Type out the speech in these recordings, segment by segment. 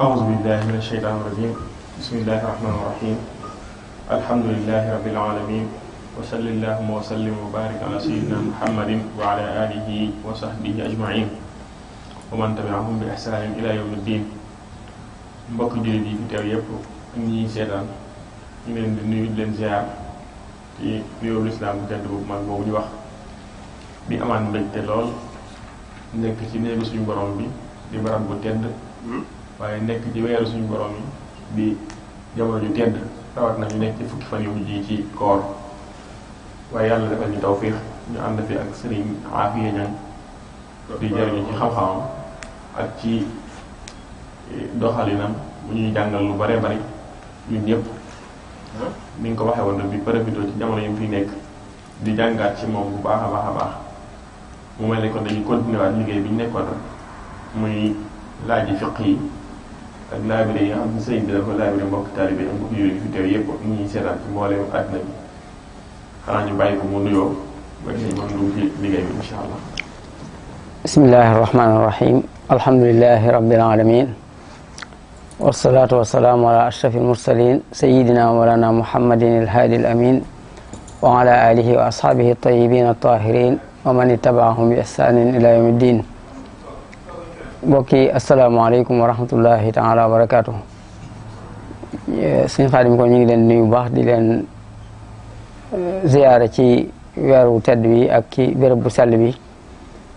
أعوذ بالله من الشيطان الرجيم بسم الله الرحمن الرحيم الحمد لله رب العالمين وصل اللهم وسلم وبارك على سيدنا محمد وعلى آله وصحبه أجمعين ومن تبعهم بإحسان إلى يوم الدين mbokk jullit yi fi teew yépp ñi seetaan ñu leen di nuyu leen ziar ci nuyoo lislaam bu jant bu mag boobu ñu wax di amaat mbégte lool nekk ci néegu suñu borom bi di barab bu tedd waaye nekk ci weeru suñu borom yi bi jamono ju tedd rawat na ñu nekk ci fukki fan yu mujj yi ci koor waaye yàlla defal ñu tawfiix ñu ànd fi ak sëriñ Aafiya Ñaŋ di jariñu ci xam-xamam ak ci e, doxalinam bu ñuy jàngal lu bare bari ñun ñëpp ni nga ko waxee woon bi profité ci jamono yi mu fi nekk di jàngaat ci moom bu baax a baax a baax mu mel ne dañuy continuer liggéey bi ñu nekkoon muy laaj yi fiq yi ak laabire yi nga xam ne sëriñ bi dafa laabire mbokk taalibe ak mbokk jullit fi teew yëpp ñu ñuy seetaan ci mboolem àddina bi xanaa ñu bàyyi ko mu nuyoo ba sëriñ mën dugg ci liggéey bi incha allah bismillahi rahmaani rahim alhamdulilahi rabbil alamin wasalaatu wasalaamu ala ashraf almursalin sayidina wa mawlana muhammadin alhaadi alamin wa ala alihi wa ashaabihi altayibiin altahirin wa man ittabaahum bi ihsanin ila yawmi ddin mbokk yi asalaamaaleykum wa rahmatullahi taala wa barakaatu sëñ Xaadim ko ñu ngi leen nuyu baax di leen eh, ziyaara ci weeru tedd bi ak ci béréb bu sell bi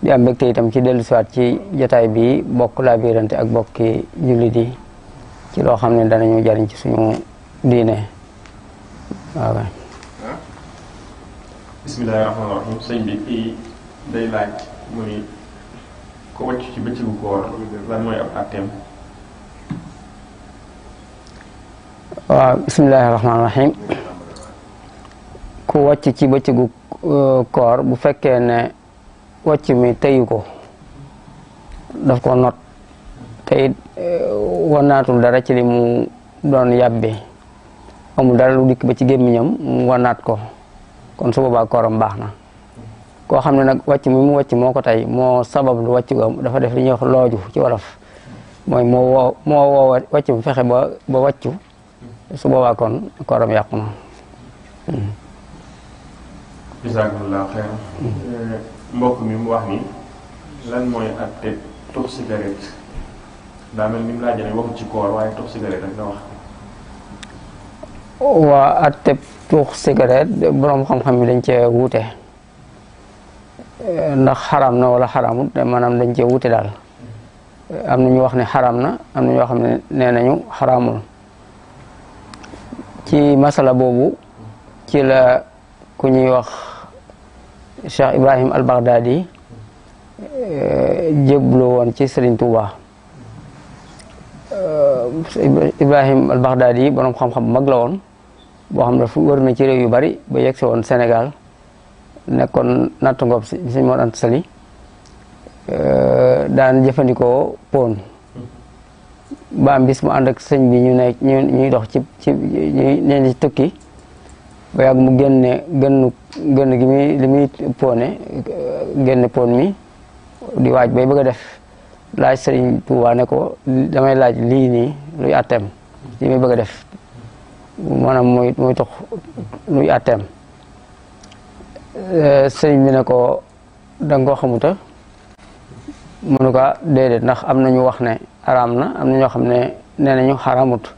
di am mbégte itam ci dellu siwaat ci jataay bi bokk laa ak bokki jullit yi ci loo xam ne danañu jariñ ci suñu diine waaw ko wàcc ci bëccëgu waaw bismillaahi rahmaani rahiim ku wàcc ci bëccëgu euh, koor bu fekkee ne wàcc mi teyu ko daf ko not tey euh, wanaatul dara ci li mu doon yàbbe amul dara lu dikk ba ci gémmiñam mu wanaat ko kon su boobaa kooram baax na koo xam ne nag wàcc mi mu wàcc moo ko tey moo sabab lu wàcc ga dafa def li ñuy wax looju ci wolof mooy moo woo moo woo wàcc bu fexe ba ba wàccu su boobaa kon kooram yàqu na. bisimilah xëy na mbokk mi mu wax ni lan mooy àtte tux cigarette daa mel ni mu laajee waxu ci xam-xam yi dañ cee wuute. Eh, ndax xaram na wala xaramut eh, maanaam dañ cee wute daal eh, am na ñu wax ne xaram na am na ñoo xam ne nee nañu xaramul ci masala boobu ci la ku ñuy wax Cheikh Ibrahim al Baghdadi jéblu woon ci Serigne Touba Ibrahim al Baghdadi borom xam-xam mag la woon boo xam ne fu wër na ci réew yu bari ba yegsi woon senegal nekkoon natt ngoob si si Mor Anta Sali eh, daan jëfandikoo pon ba am mu ànd ak sëñ bi ñu nekk ñu ñuy dox ci ci ñuy leen ci tukki ba yàgg mu génne gënn gënn gi muy li muy pone eh, génn pon mi di waaj bay bëgg a def laaj sëriñ Tuubaa ne ko damay laaj lii nii luy atteem li muy bëgg a def maanaam muy muy tox luy atteem Euh, sëriñ bi ne ko da ko xamuta mu ne ko ah, déedéet ndax am na ñu wax ne araam na am na ñoo xam ne nee nañu xaraamut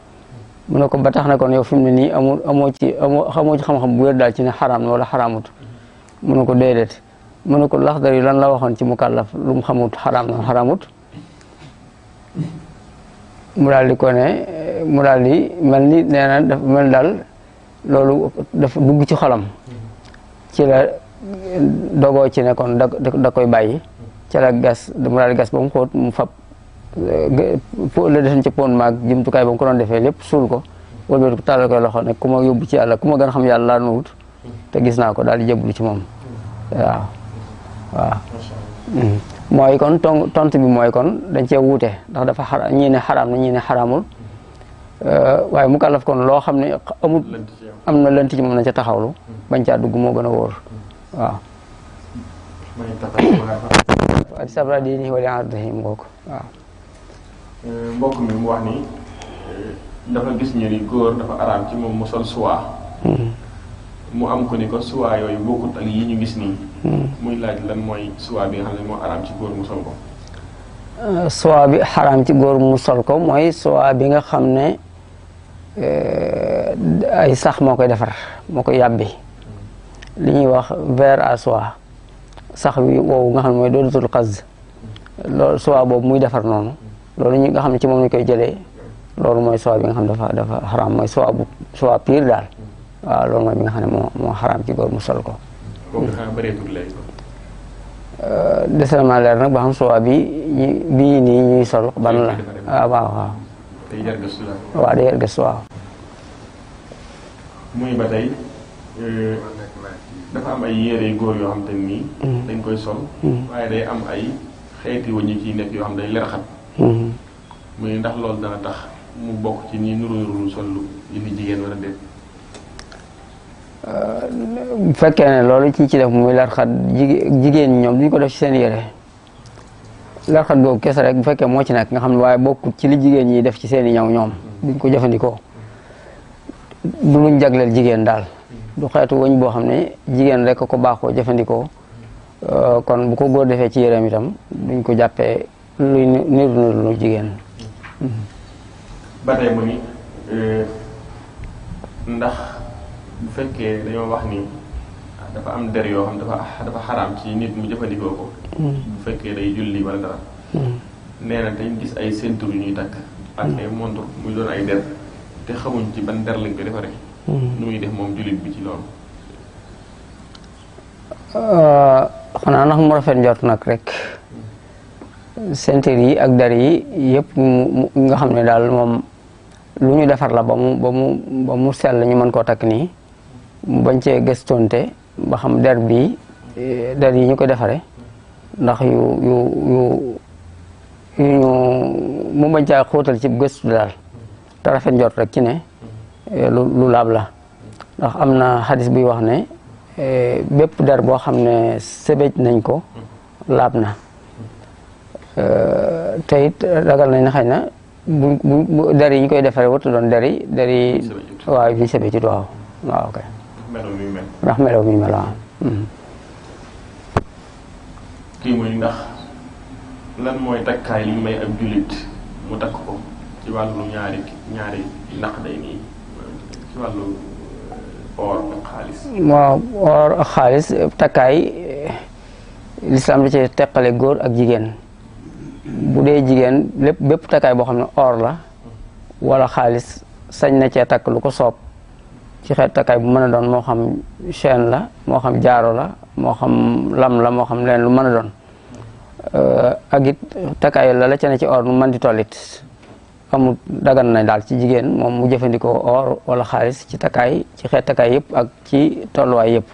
mu ne ko ba tax na kon yow fi mu ne nii amul amoo ci amoo xam-xam bu daal ci ne xaraam na wala mu ne ko déedéet mu ne ko laxdar lan la waxoon ci mukallaf lu mu xamut xaraam na xaraamut mu daal di ko ne mu daal di mel ni nee daf mel daal loolu dafa dugg ci xalam ci la dogoo ci ne kon da da koy bàyyi ci la gas mu daal gas ba mu xóot mu fab eh, la defoon ci pon maag jumtukaay ba ko doon defee lépp suul ko wëlbati ko tàllal koy loxo ne ku yóbbu ci yàlla ku ma gën a xam yàlla laa nuwut te gis naa ko daal di jébbalu ci moom waaw waaw mm-hmm. mooy kon tont bi mooy kon dañ cee wuute ndax dafa xara ñii ne xaraam na ñii ne xaraamul Euh, waaye mu kon loo xam ne amul am na lënt ci moom na ca taxawlu hmm. bañ caa dugg moo gën a wóor hmm. waaw ak sabra di ni wala ardihim ngoog waaw euh, euh, gis moom mu sol suwaa hmm. mu am ko ni ko suwaa yooyu bokkut ak yi ñu gis nii muy laaj lan mooy suwaa bi nga xam ne moo araam ci góor mu sol ko suwaa bi xaraam ci góor mu sol ko mooy suwaa bi nga xam ne Euh, ay sax moo koy defar moo koy yàbbi li ñuy wax verre à soie sax wi woowu nga xam ne mooy doodatul xas loolu soie boobu muy defar noonu loolu ñu nga xam ne ci moom ñu koy jëlee loolu mooy soie bi nga xam ne dafa dafa xaraam mooy soie bu soie daal waaw loolu mooy bi xam ne moo moo xaraam ci góor mu sol ko. Euh, des ma leer nag ba xam bi bii nii ñuy sol ba la waa jar gëstu la. waaw muy ba tey euh, dafa am ay yére góor yoo xam te nii. Mm-hmm. dañ koy sol. Mm-hmm. waaye day am ay xeeti wëñ yu ciy nekk yoo xam day lerxat. muy mm-hmm. ndax loolu dana tax mu bokk ci ñi nuru nuru sol lu indi jigéen wala déet. Euh, bu fekkee ne loolu ci ci def muy lerxat jigéen ñoom duñ ko def ci seen yére. laxat googu kese rek bu fekkee moo ci nekk nga xam ne waaye bokk ci li jigéen ñi def ci seeni i ñaw ñoom duñ ko jëfandikoo du luñ jagleel jigéen daal du xeetu wëñ boo xam ne jigéen rek ko baaxoo jëfandikoo euh, kon bu ko góor defee ci yéreem itam duñ ko jàppee luy niru niru jigéen euh, ndax bu fekkee dañoo wax ni dafa am der yoo xam dafa dafa ci nit mu jëfandikoo ko. Hmm. bu fekkee day julli wala dara. Hmm. nee na dañ gis ay ceinture yu ñuy takk. Hmm. ak ay montre muy doon ay der te xamuñ ci ban der lañ defaree. Ah, nga xam ne daal moom lu ñu defar la ba mu ba mu ba mu sell ñu mën koo takk nii bañ cee gëstonte ba xam der bi der yi ñu ko defaree ndax yu yu yu yu mu bañ xóotal ci gëstu daal te rafet njort rek ci ne eh, lu laab la ndax am na xadis buy wax ne eh, bépp der boo xam ne sëbëj nañ ko laab na eh, te it ragal nañ ne xëy na bu der yi ñu koy defare wut doon der yi der yi waaw fi ñu sëbëjut waaw melo mi mel. ndax melo mi hmm. kii mooy ndax lan mooy takkaay li may ab jullit mu takk ko ci wàllu ñaari ñaari day nii ci wàllu or ak xaalis. takkaay lislaam da ci teqale góor ak jigéen bu dee jigéen lépp bépp takkaay boo xam ne or la wala xaalis sañ na cee takk lu ko soob. ci xeet takkaay bu mën a doon moo xam chaîne la moo xam jaaro la moo xam lam la moo xam leen lu mën a doon euh, ak it takkaay la la ca ci or nu mën di tollit amul dagan na daal ci jigéen moom mu jëfandikoo or wala xaalis ci takkaay ci xeet takkaay yëpp ak ci tolluwaay yépp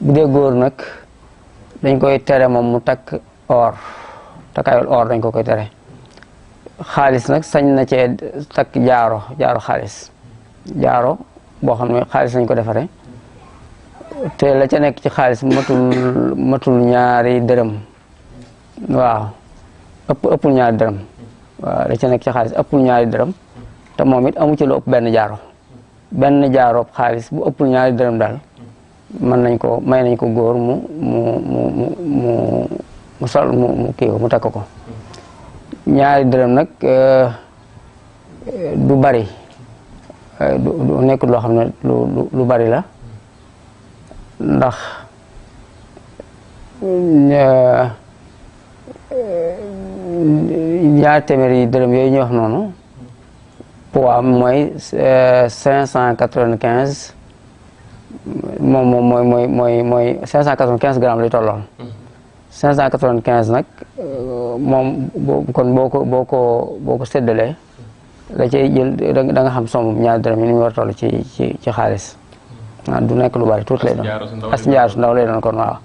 bu dee góor nag dañ koy tere moom mu takk or takkaayul or dañ ko koy tere xaalis nag sañ na cee takk jaaro jaaro xaalis jaaro boo xam ne xaalis lañ ko defaree te la ca nekk ci xaalis matul matul ñaari dërëm waaw ëpp ëppul ñaari dërëm waaw la ca nekk ci xaalis ëppul ñaari dërëm te moom it amu ci lu benn jaaro benn jaaroob xaalis bu ëppul ñaari dërëm daal mën nañ ko may nañ ko góor mu mu mu mu mu sol mu kii ko mu takk ko ñaari dërëm nag euh, du bari nekk euh, nekkul loo xam ne lu lu bari la ndax euh, ñaar téeméeri dërëm yooyu ñu wax noonu poids mooy euh, cinq cent quatre-vingt-quinze moom mooy mooy mooy mooy cinq cent quatre-vingt-quinze grammes lay tolloon cinq cent quatre-vingt-quinze nag moom boo kon boo ko boo ko boo la cay jël xam somb ñaari dërëm yi ni mu war a ci ci ci xaalis du nekk lu bari tuuti lay doon as njaaru su ndaw lay doon kon waaw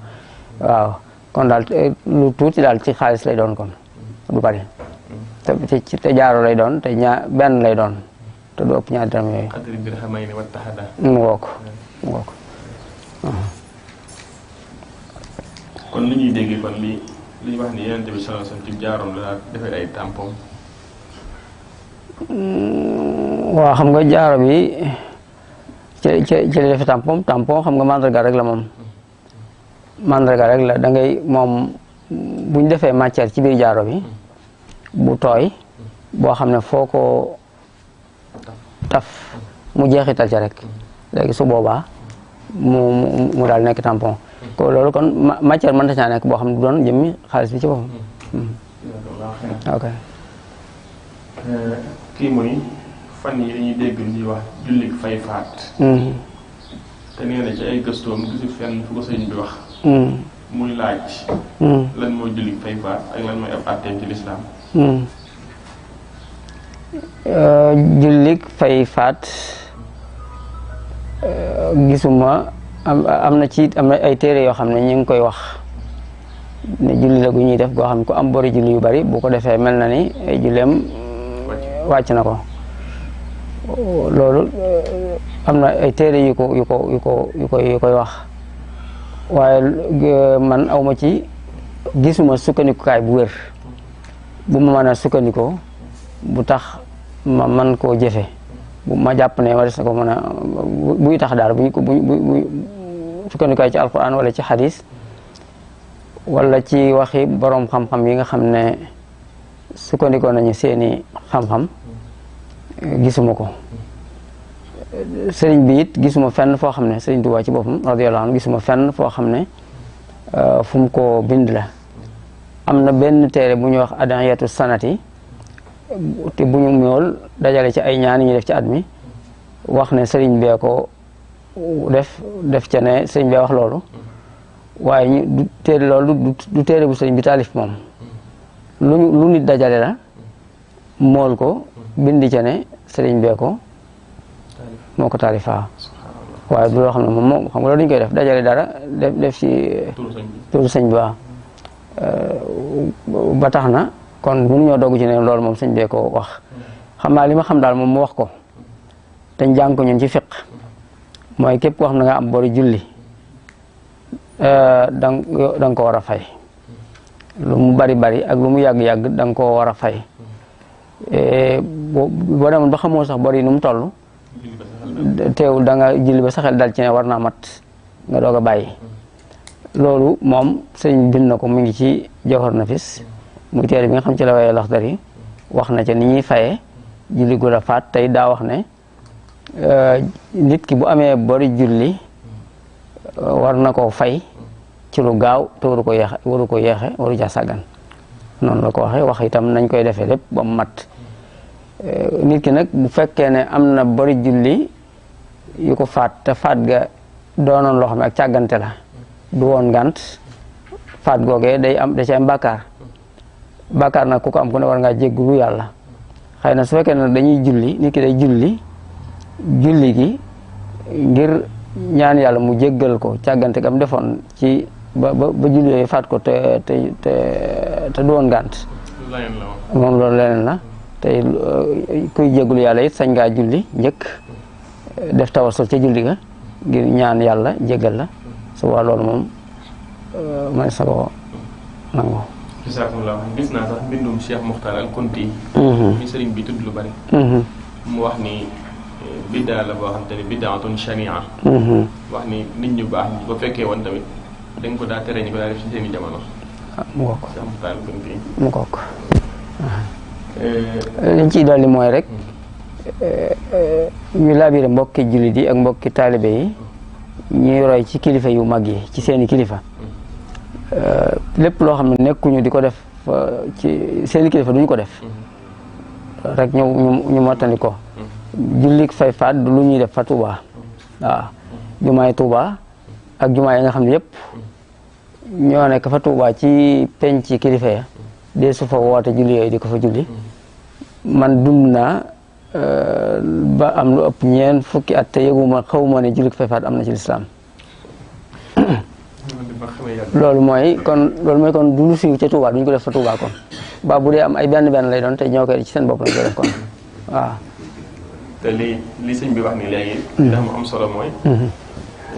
waaw kon daal eh, lu tuuti daal ci xaalis lay doon kon du bari te jaaro lay doon te ñaar benn lay doon te du ëpp ñaari yooyu mu wook mu wook Mm, waaw xam nga jaaro bi ci ci ci la def tampon tampon xam nga mandarga rek la moom mandarga rek la da moom bu defee matière ci biir jaaro bi bu tooy boo xam ne foo ko taf mu jeexital ci rek léegi su boobaa mu daal nekk tampon ko loolu kon matière mën na caa nekk boo xam ne du doon jëmmi xaalis bi ci boppam mm. euh, kii mooy fan yi dañuy dégg ñuy wax jullit fay faat hmm. te gisu fenn hmm. hmm. fay faat euh, euh, gisuma am na ci am na ay téere yoo xam ne ñu ngi koy wax ne julli la gu ñuy def goo xam ne ku am bori julli yu bari boo ko defee mel na ni ay julleem wàcc na ko loolu am na ay téere yu ko yu ko yu ko wax waaye euh, man awma ci gisuma sukkandikukaay bu wér bu ma mën a sukkandikoo bu tax ma man koo jëfe bu ma jàpp ne war na ko mën a buy tax daal buñ ko buñ buñ sukkandikukaay ci alquran walla ci xadis wala ci waxi boroom xam-xam yi nga xam ne sukkandikoo nañu seeni xam-xam gisuma ko sëriñ bi it gisuma fenn foo xam ne sëriñ Tuubaa ci boppam radiyallaahu anhu gisuma fenn foo xam ne euh, fu ko bind la am na benn téere bu ñuy wax adiyatu sanati te bu ñu ñool dajale ci ay ñaan ñu def ci at mi wax ne sëriñ bee ko def def ca ne sëriñ bee wax loolu waaye ñu du téere loolu téere bu sëriñ bi taalif moom lu nit dajale la mool ko bindi ca ne sëriñ bee ko moo ko taalifa waaye du loo xam ne moom moo xam nga loolu dañu koy def dajale dara def def ci turu sëñ bi ba tax na kon mënu ñoo dogg ci ne loolu moom sëñ bee ko wax xam naa li ma xam daal moom mu wax ko te jàng ko ñun ci fiq mooy képp koo xam ne nga am boori julli euh, da nga ko war a fay lu mu bari bari ak lu mu yàgg-yàgg danga nga koo war a fay e, boo demoon ba xamoo sax bor yi nu mu toll teewul danga nga julli ba sa dal ci ne war na mat nga doog a bàyyi loolu moom sëñ bind na ko mu ngi ci joxor nafis muy téere bi nga xam ci la waaye laxdar yi wax na ca ni ñuy faye julli gu rafaat tey daa wax ne e, nit ki bu amee bori julli war na koo fay ci lu gaaw te waru ko yeexe waru ko yeexe waru ca sàggan noonu la ko wax itam nañ koy defee lépp ba mat eh, nit ki nag bu fekkee ne am na bari julli yu ko faat te faat ga doonoon loo xam ne ak càggante la du woon ngant faat googee day am da ci am bàkkaar bàkkaar nag ku ko am ku ne war ngaa jéggulu yàlla xëy na su fekkee ne dañuy julli nit ki day julli julli gi ngir ñaan yàlla mu jéggal ko càggante gam defoon ba ba ba julli yooyu faat ko te te te du woon gànt moom loolu leneen la tey eh, kuy jéggul yàlla it sañ ngaa julli njëkk def tawasul ca julli ga ngir ñaan yàlla jéggal la su waa loolu moom eh, man sa ko nangu bisaakumulaa gis naa sax mbindum Cheikh mm-hmm. mm-hmm. wax ni eh, biddaa mm-hmm. wax ni nit ñu baax ba fekkee woon tamit dañ ko daa tere ko ah, mu ko ko ko. liñ ciy mooy rek eh, eh, ñu labiré mbokki jullit yi ak mbokki taalibe yi ñuy roy ci kilifa yu mag yi ci seeni kilifa eh, lépp loo xam ne nekkuñu di ko def ci seeni kilifa duñu ko def rek ñu ñu mottandi ko mm-hmm. fay faat lu ñuy def fa Tuuba waaw jumaay Tuuba ak jumaa yi nga xam ne yëpp ñoo nekk fa Tuubaa ci penc ci kilifa ya dee su fa woote julli yooyu di ko fa julli man dum naa eh, ba am lu ëpp ñeen fukki at te yëguma xawma ne julli ko faat am na ci lislaam loolu mooy kon loolu mooy kon du lu siiw ca duñ ko def fa Tuubaa kon ba bu dee am ay benn benn lay doon te ñoo koy ci seen bopp lañ koy kon waaw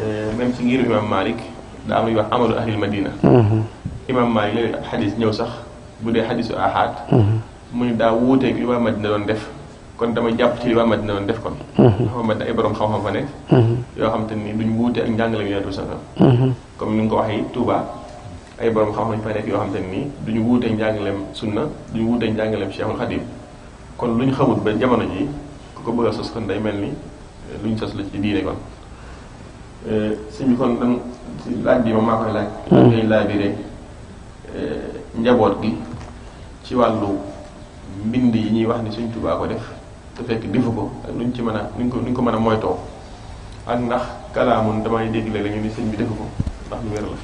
Euh, même ci ngir imam Malik daa am lu ñuy wax amalu ahlil madina. Mhm. imam Malik léegi xadis ñëw sax bu dee xadisu ahad. Mhm. muy daa wuuteeg li waa madina doon def. kon dama jàpp ci li waa madina doon def kon. xam mhm. nga borom xam-xam fa ne. yoo xam te ni duñ wuute njàngale yu bi sallallahu alayhi comme ni nga ko waxee Touba ay borom xam-xam fa nekk yoo xam te ni duñ wuute njàngaleem sunna duñ wuute njàngaleem Cheikhul Khadim kon lu ñu xamut ba jamono ji ku ko bëgg a sos kon day mel lu luñ sos la ci diine kon. Eh, sëñ bi kon dama laaj bi moom maa koy laaj. ngay hmm. laabiré eh, njaboot gi ci wàllu mbind yi ñuy wax ni suñ tubaa ko def te fekk defu ko ak nuñ ci man a nuñ ko nuñ ko mën a moytoo ak ndax kalaamun damay dégg la ñu ni sëñ bi defu ko ndax lu wér la.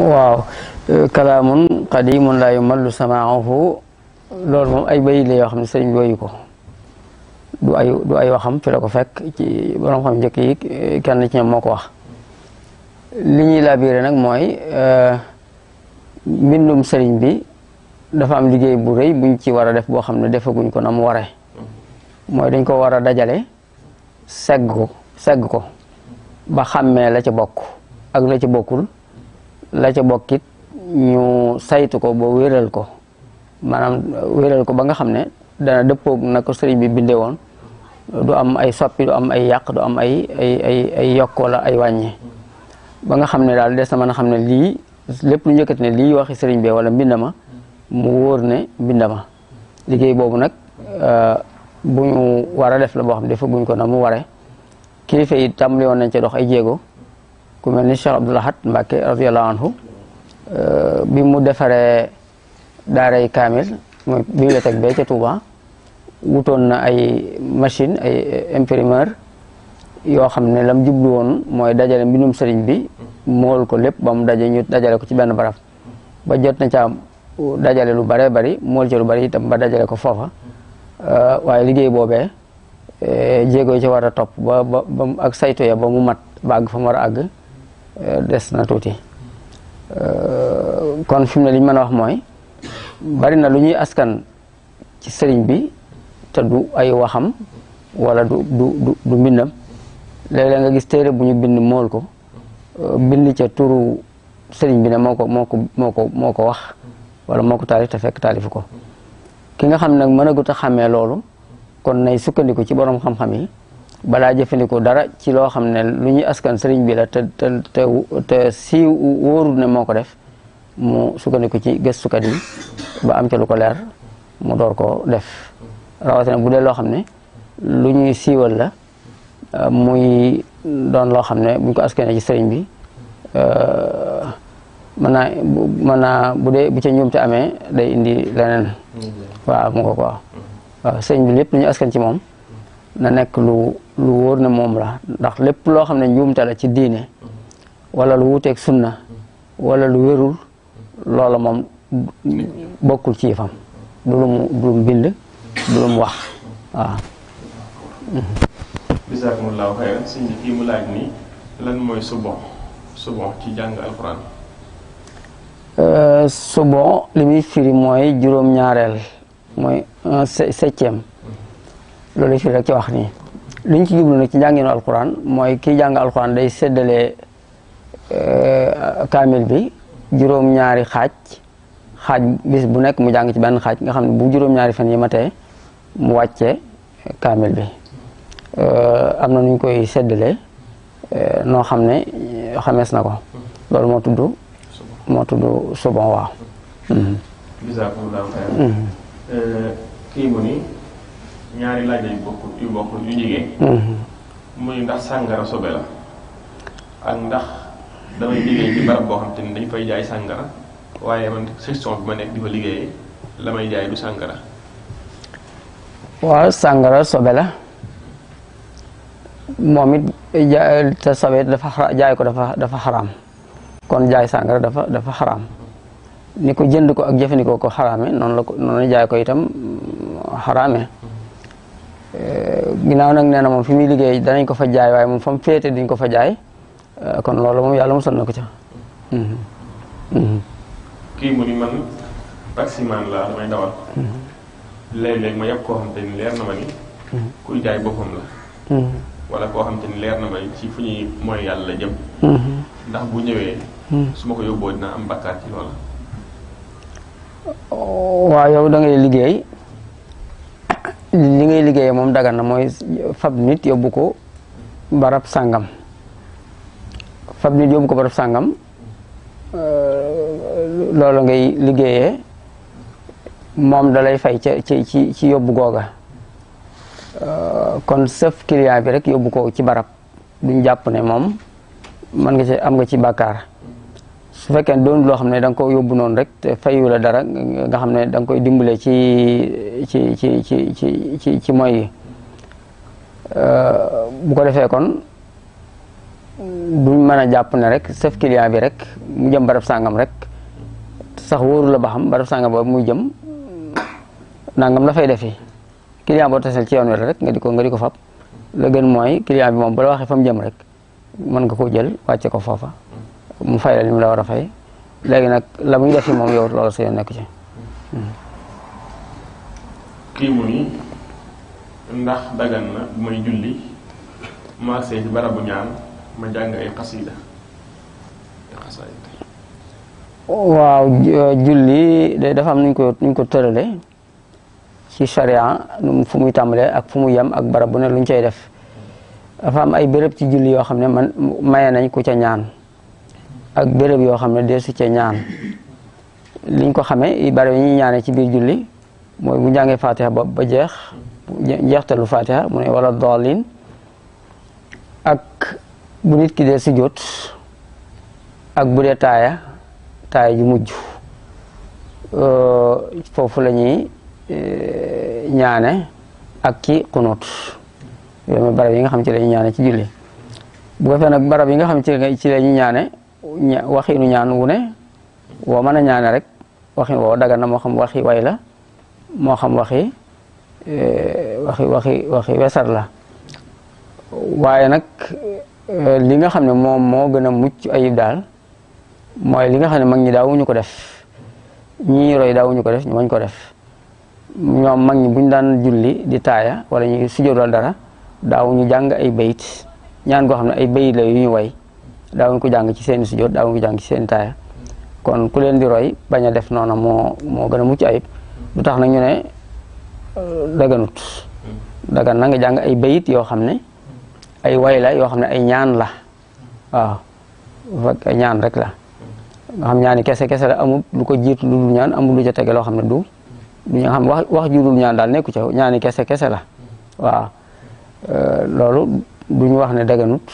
waaw eh, kalaamun qadimun laa yumallu samaahu loolu moom ay ba la yoo xam ne sëñ bi ko. du ay du waxam fi ko fekk ci borom xam njëkk yi kenn ci ñoom moo ko wax li ñuy labiré nag mooy euh, mbindum sëriñ bi dafa am liggéey bu rëy buñ ci war a def boo xam ne defaguñ ko na mu waree mooy dañ ko war a dajale segg ko segg ko ba xàmmee la ca bokk ak la ca bokkul la ca bokkit ñu saytu ko ba wéral ko maanaam wéral ko ba nga xam ne dana dëppoog na ko sëriñ bi bindee woon du am ay soppi du am ay yàq du am ay ay ay ay yokk wala ay wàññi ba nga xam ne daal des na mën a xam ne lii lépp lu njëkkati ne lii waxi sëriñ bi wala mbindama mu wóor ne mbindama liggéey boobu nag euh, bu ñu a def la boo xam ne defaguñ ko na mu waree kilifa yi tàmbali woon nañ ca dox ay jéego ku mel ni Cheikh Abdoul Ahad Mbacké radiyallahu euh, bi mu defaree daaray kaamil mooy bibliothèque bee ca Touba wutoon na ay machine ay eh, imprimeur yoo xam ne lam jublu woon mooy dajale mbinum sëriñ bi mool ko lépp ba mu daje ñu dajale ko ci benn barab ba jot na ca dajale lu bare bari mool ci lu bari itam ba dajale ko foofa eh, waaye liggéey boobee eh, jéego yi ci war a topp ba ba ba ak saytu ya ba mu mat ba àgg fa mu war a àgg des na tuuti kon fi mu ne li ñu mën a wax mooy bari na lu ñuy askan ci sëriñ bi te du ay waxam wala du du du du mbindam léeg nga gis téere bu ñu bind mool ko euh, bind ca turu sëriñ bi ne moo ko moo moo ko moo ko wax wala moo ko taalif te fekk taalifu ko ki nga xam nag mën a gut xàmmee loolu kon nay sukkandiku ci borom xam-xam yi balaa jëfandikoo dara ci loo xam ne lu ñuy askan sëriñ bi la te te si wóorul ne moo ko def mu sukkandiku ci gëstukat ba am ca ko leer mu door ko def rawatina bu dee loo xam ne lu ñuy siiwal la euh, muy doon loo xam ne buñ ko askanee ci sëriñ bi euh, mën naa mën naa bu dee bu ca njuumte amee day indi leneen waaw mu ko sëriñ bi lépp lu ñu askan ci moom na nekk lu lu wóor na moom la ndax lépp loo xam ne njuumte la ci diine walla lu wuuteeg sunna walla lu wérul loola moom bokkul ci yëfam du lu mu bind du lu mu wax waaw. bisakumullaahu xayran sëñ bi kii mu laaj nii lan mooy subon subon ci jàng alxuraan. Euh, subon li muy firi mooy juróom-ñaareel mooy un septième loolu la firi rek ci wax nii li ñu ci jublu nag ci njànginu alxuraan mooy kii jàng alxuraan day séddale euh, kaamil bi juróom-ñaari xaaj xaaj bis bu nekk mu jàng ci benn xaaj nga xam ne bu juróom-ñaari fen yi matee. mu wàcce kaamil bi euh, am na nu ñu koy seddalee euh, noo xam ne xamees na ko loolu moo tudd moo tudd subon waaw mhm. mhm. euh, kii mu ni ñaari laaj yu bokk yu jigéen mhm. muy ndax sàngara sobe la ak ndax damay liggéey ci barab boo xam te ni dañ fay jaay sàngara waaye man section bi ma nekk di fa liggéeyee la may jaay du sàngara waaw sàngara sobe la moom it te sobe dafa jaay dafa dafa xaraam kon jaay sàngara dafa dafa xaraam ni ko jënd ko ak jëfandikoo ko xaraame noonu la ko noonu jaay ko itam mm, xaraame eh, ginnaaw nag nee na moom fi muy liggéey danañ ko fa jaay waaye moom fa mu féete duñ ko fa jaay eh, kon loolu moom yàlla musal na ko ca. Mm-hmm. Mm-hmm. léeg-léeg ma yàpp koo xam te leer na ma ni hmm. kuy jaay boppam la hmm. wala koo xam te leer na ma ci fu ñuy mooy yàlla jëm hmm. ndax bu ñëwee su ma ko yóbboo dina am bakkaar ci loola oh, waaw yow da liggéey li ngay liggéeyee moom dagan na mooy fab nit yóbbu ko barab sàngam fab nit yóbbu ko barab sàngam euh, loolu ngay liggéeyee moom da lay fay ca ci ci ci yóbbu googa euh, kon sëf client bi rek yóbbu ko ci barab duñ jàpp ne moom mën nga ci am nga ci bàkkaar su fekkee doon loo xam ne da ko yóbbu noonu rek te la dara nga xam ne danga koy dimbale ci ci ci ci ci ci ci mooy yi euh, bu ko defee kon du mën a jàpp ne rek sëf client bi rek mu jëm barab sàngam rek sax wóoru la ba xam barab sàngam ba muy jëm nangam la fay defi client boo tasel ci yoon wi rek nga di ko nga di ko fab la gën mooy client bi moom bu la waxee fa mu jëm rek mën nga koo jël wàcce ko foofa mu fay la li la war a fay léegi nag la muy defi moom yow loolu sa yoon nekk ci. kii mu ndax dagan na bu julli marché ci barabu ñaan ma jàng ay xasida waaw julli day dafa am nuñ ko nuñ ko tërale ci charia nu fu muy tàmbalee ak fu muy yem ak barab bu ne luñ cay def dafa am ay bërëb ci julli yoo xam ne man maye nañ ku ca ñaan ak béréb yoo xam ne deesu ca ñaan liñ ko xamee bare ñuy ñaanee ci biir julli mooy bu njàngee fatiha ba ba jeex jeextalu fatiha mu ne wala dolin ak bu nit ki dee si jot ak bu dee taaya taaya ju mujj foofu la ñuy ñaane ak ci xunut barab yi nga xam ci la ñuy ñaane ci julli bu ko fee nag barab yi nga xam ci ci la ñuy ñaane waxiinu ñaan wu ne mën a ñaane rek waxin woo dagan na moo xam waxi way la moo xam waxi waxi waxi waxi wesar la waaye nag li nga xam ne moom moo gën a mucc ayib daal mooy li nga xam ne mag ñi daawuñu ko def ñii roy daawuñu ko def ñu mañ ko def ñoom mag ñi bu daan julli di taaya wala ñu sujjóotal dara daaw ñu jàng ay bayit ñaan goo xam ne ay bayit la yu ñu way daawuñ ko jàng ci seen sujjóot daawuñ ko jàng ci seen taaya kon ku leen di roy bañ a def noonu moo moo gën a mucc ayib lu tax nag ñu ne euh, daganut dagan jàng ay bayit yoo xam ne ay way yoo xam ne ay ñaan la waaw fekk ñaan rek la nga xam ñaani kese kese la amul lu ko jiit lu ñaan amul lu ca tege loo xam ne du bi nga xam wax wax ñaan daal nekku ca ñaani kese kese la waaw euh, loolu duñu wax ne daganut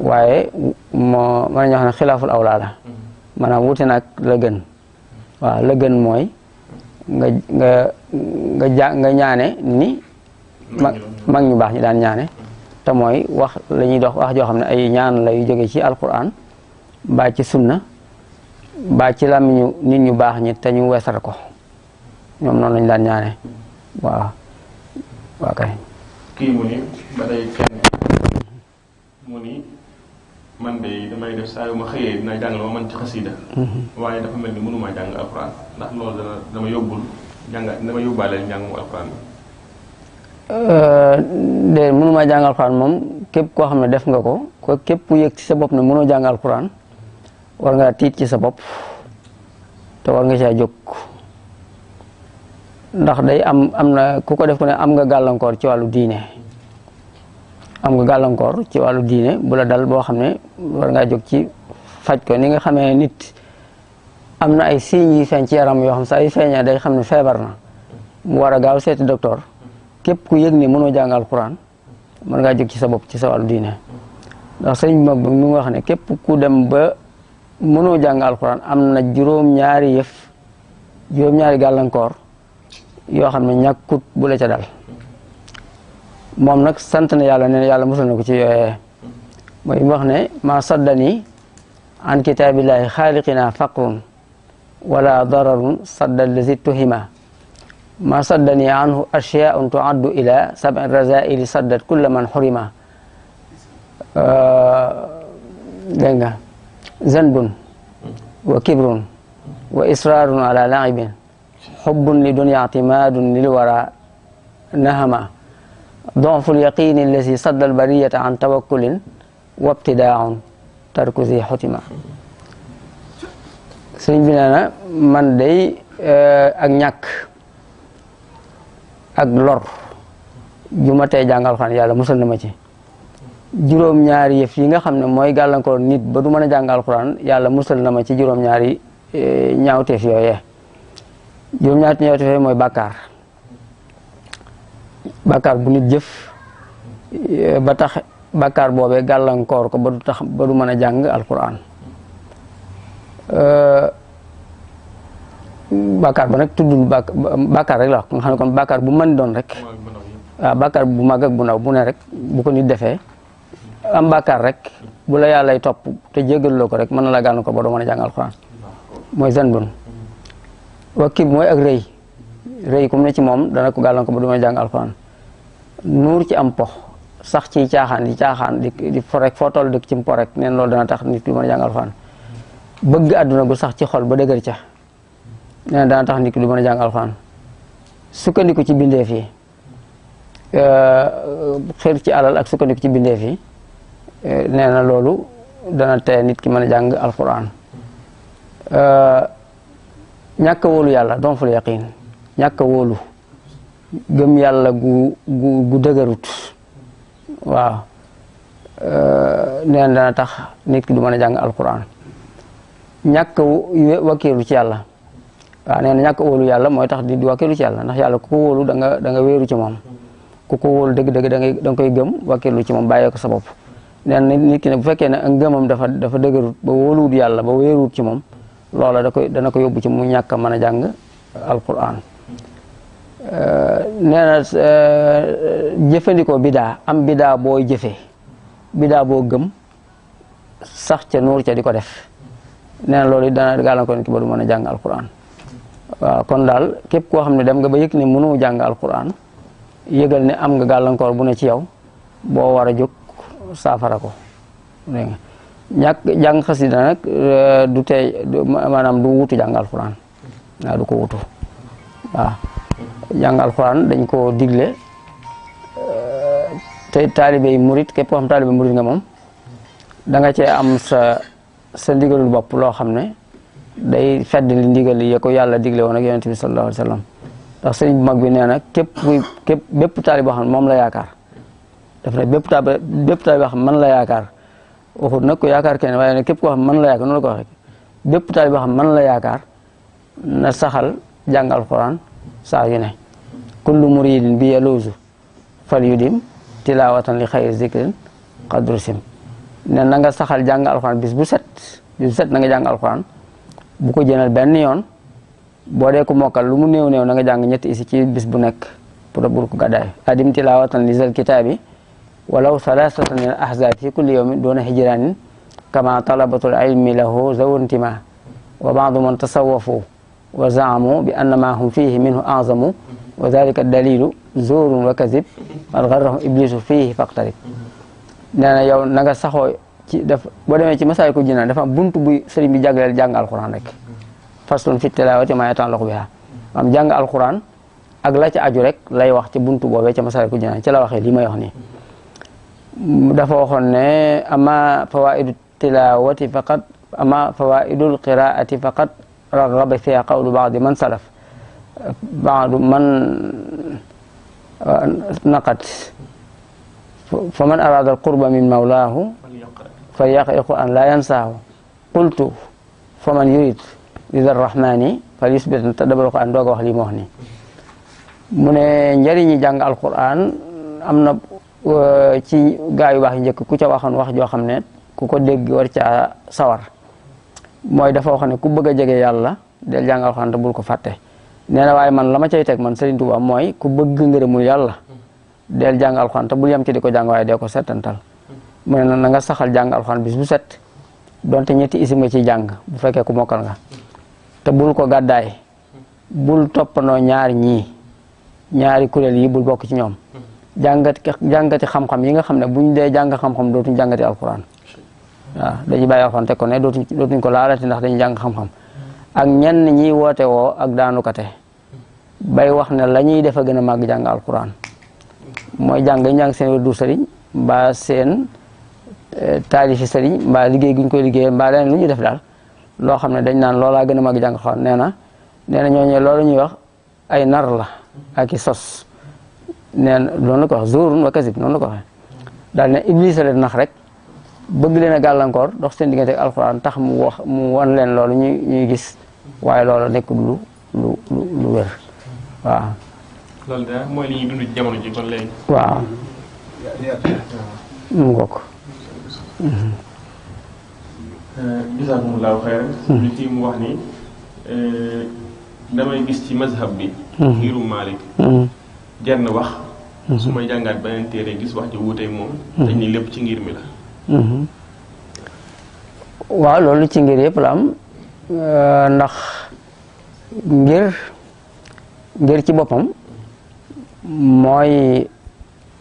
waaye moo mën nañu wax ne xilaaful awlaa la maanaam wuute nag la gën waaw la gën mooy nga nga nga ñaane ni mag mag ñu baax ñu daan ñaane te mooy wax lañuy dox wax joo xam ne ay ñaan lay joge ci alquran baa ci sunna baa ci làmmiñu nit ñu baax ñi te ñu wesar ko ñoom noonu lañ daan ñaane waaw waaw kay. kii mu ni ba kenn mu ni man de damay def saa yu ma xëyee dina jàng la ma mën ci xasida mm-hmm. waaye dafa mel ni mënumaa jàng alxuraan ndax loolu dama yóbbul euh, jàng alxuraan moom képp koo xam ne def nga ko ko képp ku yëg ci sa bopp ne mënoo jàng alxuraan war ngaa tiit ci sa bopp te war nga caa jóg. ndax day am am na ku ko def ku ne am nga gàllankoor ci wàllu diine am nga gàllankoor ci wàllu diine bula la dal boo xam ne war ngaa jóg ci faj ko ni nga xamee nit am na ay signes yi feeñ ci yaram yoo xam saa yu feeñee day xam ne feebar na mu war a gaaw seeti docteur képp ku yëg ni mënoo jàngal Qur'an mën ngaa jóg ci sa bopp ci sa wàllu diine ndax sëñ mag bi mu wax ne képp ku dem ba mënoo jàngal Qur'an am na juróom-ñaari yëf juróom-ñaari gàllankoor. yoo xam ne ñàkkut bu la ca nag sant na yàlla ne yàlla musal na ko ci yooyee mooy wax ne ma saddani an kitaabillahi xaaliqina faqrun wala dararun sadda allazi tuhima ma saddani anhu ashyaun tuaddu ila sab'i razaili saddat kulla man xurima äh, dégg wa kibrun wa israrun ala laibin xubbun li dunya atimaadun lil wara nahama donful yaqini allazi sadda al bariyata an tawakkulin wabtidaaun tarku si xutima sëriñ bi na man day eh, ak ñàkk ak lor ju ma tey jàngal xaan yàlla musal na ma ci juróom-ñaari yëf yi nga xam ne mooy gàllankoor nit ba du mën a jàngal xuraan yàlla musal na ma ci juróom-ñaari eh, ñaawteef yooyee juróom-ñaari ñaawte fee mooy bàkkaar bàkkaar bu nit jëf eh, ba tax bàkkaar boobee gàllankoor ko ba du tax mën a jàng alquran eh, bàkkaar ba nag tuddul bàkkaar rek la wax xam ne kon bàkkaar bu man doon rek waaw bu mag bu ndaw bu ne rek bu ko nit defee am bàkkaar rek bu la yàllay topp te jéggaloo ko rek mën na la gàllankoor ba du mën a jàng alquran mooy zandun wa kib mooy ak rëy rëy kum ne ci moom dana ko gàllan ko ba du may jàng alxuraan nuur ci am pox sax ci caaxaan di caaxaan di di forek foo toll dëkk ci porek neen loolu dana tax nit ki mën a àdduna gu sax ci xol ba dëgër ca neen dana tax nit a jàng sukkandiku ci bindeef yi euh, xër ci alal ak sukkandiku ci bindeef yi euh, nee na loolu dana tee nit ki mën a jàng alxuraan euh, ñàkk a wóolu yàlla doon ful yaqin ñàkk a wóolu gëm yàlla gu gu gu dëgërut waaw neen dana tax nit ki du mën a jàng alquran ñàkk wakiilu ci yàlla waaw nee na ñàkk wóolu yàlla mooy tax di wakiilu ci yàlla ndax yàlla ku ko wóolu da nga da nga wéeru ci moom ku ko wóolu dëgg-dëgg da ngay da nga koy gëm wakiilu ci moom bàyyee ko sa bopp nee na nit ki ne bu fekkee ne ngëmam dafa dafa dëgërut ba wóoluwut yàlla ba wéeruwut ci moom loola da koy dana ko yóbbu ci mu ñàkk a mën a jàng alquran eh, nee na eh, jëfandikoo bidaa am bidaa boo jëfee biddaa boo gëm sax ca nuur ca di ko def nee na loolu dana gàllankoor nit ki ba du mën a jàng alquran waaw kon daal képp koo xam ne dem nga ba yëg ni mënoo jàng alquran yëgal ne am nga gàllankoor bu ne ci yow boo war a jóg saafara ko ñàkk jàng xasida nag euh, du tey maanaam du wutu jàng alxuraan waaw du ko wutu waaw jàng alxuraan dañ ko digle euh, te taalibey murit képp koo xam taalibey murit nga moom da nga cee am sa sa ndigalul bopp loo xam ne day fedd li ndigal yi ko yàlla digle woon ak yonent bi sallallahu alayhi wa sallam ndax boo xam ne moom la yaakaar daf ne bépp taalib man la yaakaar waxut nag ku yaakaar kenn waaye nag képp koo xam man la yaakaar noonu la ko waxee bépp taalibe boo xam man la yaakaar na saxal jàng alquran saa yu ne kullu muridin bi yaluusu fal yudim tilawatan li xayri zikrin qadru sim ne na nga saxal jàng alquran bis bu set bis bu set na nga jàng alquran bu ko jënal benn yoon boo dee ko lu mu néew néew na nga jàng ñetti isi bis bu nekk pour a bur ko gàddaay adim tilawatan li zal walaw salaasatan min al ahzaab fi kulli yawmin doona hijraanin kama talabatul ilmi lahu zawuntima wa baadu man tasawafu wa zaamu bi anna ma hum fihi minhu azamu wa dalika dalilu zuurun wa kazib qad garrahum iblisu fihi faqtarib nee na yow na nga saxoo ci daf boo demee ci Masaalikul Jinaan dafa am bunt buy sëriñ bi jàngaleel jàng alquran rek faslun fi tilaawati maa yata'allaqu bihaa am jàng alquran ak la ca aju rek lay wax ci buntu boobee ca Masaalikul Jinaan ci la waxee li may wax nii dafa waxoon ne ama fawaidu tilawati faqat ama fawaidul qiraati faqat ragaba fiha qawlu baadi man salaf baadu man uh, naqat fa man arada alqurba min mawlaahu falyaqra quran la yansaahu qultu fa man yurid rida rahmani falyusbit te dabal quran doog a wax li mu wax ni mu ne njëriñi jàng alquran am na Euh, ci gaa yu baax yu njëkk ku ca waxoon wax joo xam ne ku ko dégg war caa sawar mooy dafa wax ne ku bëgg a jege yàlla del jàng alxuraan te bul ko fàtte nee na waaye man la cay teg man Serigne Touba mooy ku bëgg ngërëmul yàlla del jàng alxuraan te bul ci di ko jàng waaye dee ko setantal mu ne na nga saxal jàng alxuraan bis bu set donte ñetti isim nga ciy jàng bu fekkee ku mokkal nga te bul ko gàddaay bul toppandoo ñaar ñii ñaari kuréel yi bul bokk ci ñoom jàngat jàngati xam-xam yi nga xam ne buñ dee jàng xam-xam dootuñ jàngati alquran waaw dañuy bàyyi alquran teg ko dootuñ dootuñ ko laalati ndax dañuy jàng xam-xam ak ñenn ñiy woote woo ak daanukate bay wax ne lañuy ñuy def a gën a màgg jàng alquran mooy jàng ñu jàng seen wérdu sëriñ mbaa seen eh, taalifi sëriñ mbaa liggéey guñ koy liggéey mbaa leneen lu ñu def daal loo xam ne dañ naan loolaa gën a màgg jàng xam nee na nee na ñooñu loolu ñuy wax ay nar la ak sos neen loolu la ko wax zuurun wa kasib noonu ko waxee daal ne iblis leen nax rek bëgg leen a gàllankoor dox seen diggante alxuraan tax mu wax mu wan leen loolu ñuy ñuy gis waaye loolu nekk lu lu lu wér waaw. loolu mm-hmm. mm-hmm. eh, damay gis ci mazhab bi. Mm-hmm. ngiru Maalik. genn wax mhm. su may jàngaat beneen téere gis wax ji wuuteeg moom mhm. dañ ni lépp ci ngir mi la mhm. waaw loolu ci ngir yëpp la am euh, ndax ngir ngir ci boppam mooy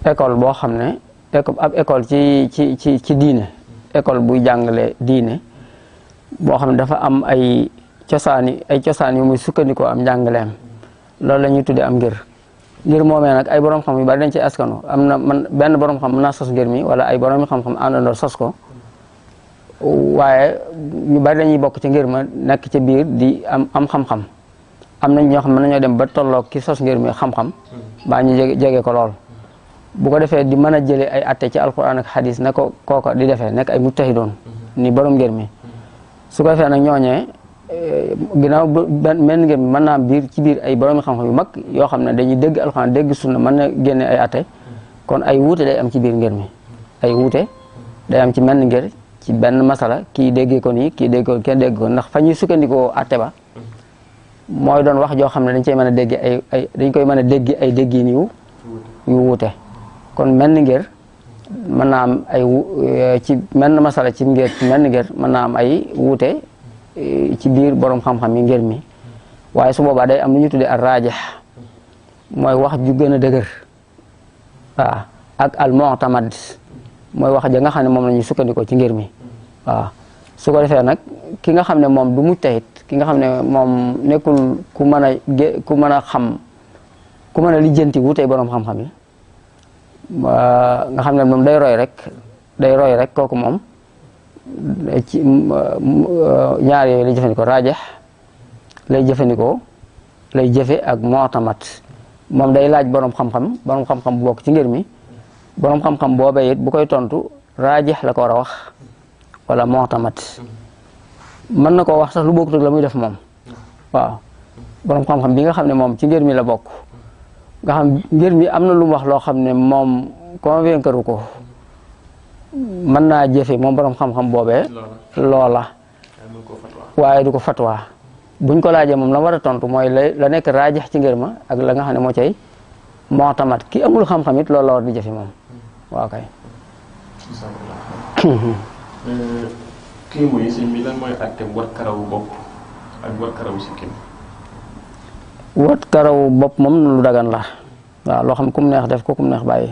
école boo xam ne école ab école ci ci ci ci diine école buy jàngale diine boo xam ne dafa am ay cosaani ay cosaan yu muy sukkandikoo am njàngaleem loolu la ñuy tuddee am ngir ngir moomee nag ay borom xam yu bari dañ ci askano am na man benn borom xam mën naa sos ngir mi wala ay borom xam-xam àndandoo sos ko waaye ñu bari dañuy bokk ci ngir ma nekk ci biir di am am xam-xam am nañ ñoo xam mën nañoo dem ba tolloog ki sos ngir mi xam-xam baa ñu jege jege ko lool bu ko defee di mën a jëlee ay atte ci alquran ak xadis na ko kooka di defee nekk ay mujtahidoon mm-hmm. ni borom ngir mi su ko ginnaaw benn benn ngeen mën naa am biir ci biir ay borom xam-xam yu mag yoo xam ne dañuy dégg alxuraan dégg sunna mën na génne ay atte kon ay wuute day am ci biir ngeen mi ay wuute day am ci menn nger ci benn masala kii déggee ko nii kii déggee ko kenn ndax fa ñuy sukkandikoo atte ba doon wax joo xam ne dañ cey mën a dégg ay ay dañ koy mën a dégg ay déggiin yu yu wuute kon menn ngeen mën na am ay ci menn masala ci ngeen ci menn ngeen mën naa am ay wuute Eh, ci biir borom xam-xam yi ngir mi waaye su boobaa day am lu ñu tuddee al raajax mooy wax ju gën a dëgër waaw ak al mu'tamad mooy wax ja nga xam ne moom la ñu sukkandikoo ci ngir mi waaw su ko defee nag ki nga xam ne moom du mujtahid ki nga xam ne moom nekkul ku mën a ku mën a xam ku mën a lijjanti wutey borom xam-xam yi nga xam ne moom day roy rek day roy rek kooku moom. ci euh, ñaar yooyu lay jëfandikoo raajax lay jëfandikoo lay jëfe ak mootamat moom day laaj boroom xam-xam borom xam-xam bu bokk ci ngir mi borom xam-xam boobee bu koy tontu raajax la ko war a wax wala mootamat mën na koo wax sax lu bokkut ak la muy def moom waaw xam-xam bi nga xam ne moom ci ngir mi la bokk nga xam ngir mi am na lu wax loo xam ne moom convaincre ko. mën naa jëfe moom borom xam-xam boobee loola waaye du ko fatwa buñ ko laajee moom la war a tontu mooy la nekk raajax ci ngir ma ak la nga xam ne moo cay moo tamat ki amul xam-xam loolu la war di jëfe moom waaw kay bi lan mooy àtte wat karawu bopp moom lu dagan la waaw loo xam ku neex def ko ku mu neex bàyyi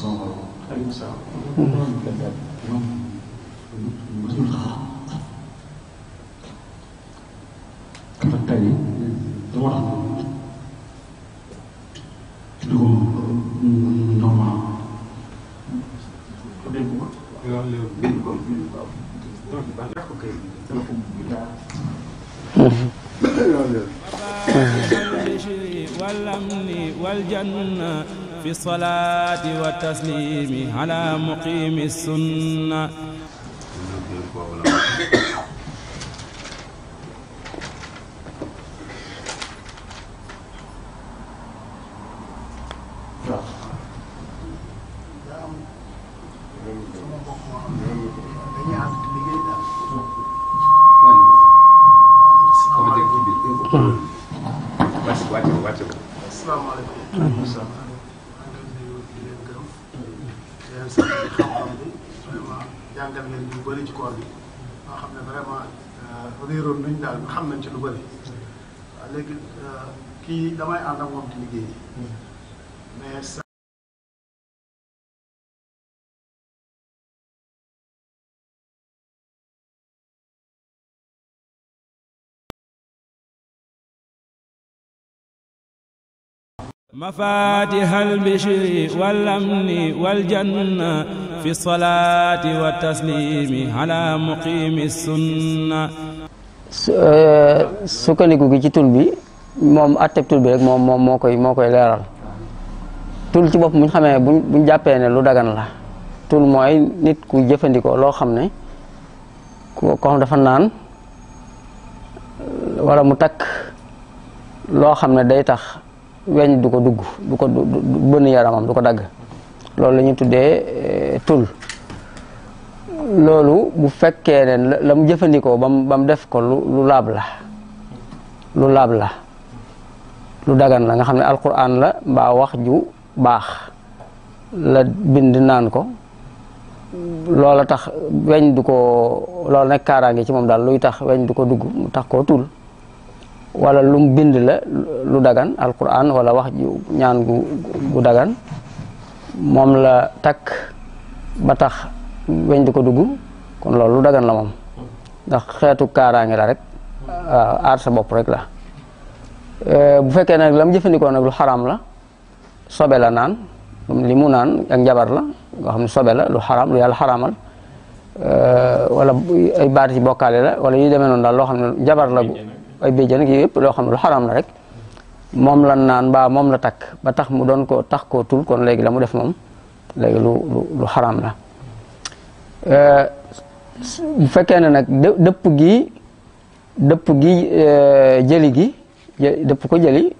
son xarit Sall. moom mosul xaar. dafa tey dama tax dugub normal. dégg nga. waaw dégg ko. والأمن والجنة fi salaati wa tasliimi ala muqiimi sunna Assalamu alaykum jàngal ngeen ñu bëri ci koor bi loo xam ne vraiment euh, réeroon nañ daal xam nañ ci lu bëri waaw léegi euh, kii damay ànd ak moom ci liggéey yi mais mafatihal bishri wal amni wal janna fi salaati wa eh, sukkandiku gi ci tul bi moom atteb tul bi rek moom moo koy moo koy leeral tul ci bopp buñ xamee buñ buñ jàppee ne lu daggan la tul mooy nit ku jëfandikoo loo xam ne ko dafa naan wala mu takk loo xam ne day tax weñ du ko dugg du ko bënn yaramam du ko dagg loolu la ñu tuddee euh, tul loolu bu fekkee ne la mu jëfandikoo bam ba mu def ko lu laab la lu laab la lu dagan la nga xam ne alquran la mbaa wax ju baax la bind naan ko loola tax weñ du ko loolu nag kaaraange ci moom daal luy tax weñ du ko dugg mu tax koo tul wala lu mu bind la lu dagan alquran wala wax ju ñaan gu dagan moom la takk ba tax weñ di ko dugg kon loolu lu dagan la moom ndax xeetu kaaraange la rek waaw sa bopp rek la euh, bu fekkee na nag lam jëfandikoo nag lu xaraam la sobe la naan li mu naan ak njabar la nga xam ne sobe la lu xaraam lu yàlla xaraamal euh, wala ay baati bokkaale la wala yu demee noonu daal loo xam ne njabar la ay béjjën ak yooyu yëpp loo xam ne lu xaraam la rek moom la naan ba moom la takk ba tax mu doon ko tax koo tul kon léegi la mu def moom léegi lu lu lu xaraam la euh, bu fekkee ne nag dëpp gi dëpp gi euh, jëli gi dëpp ko jëli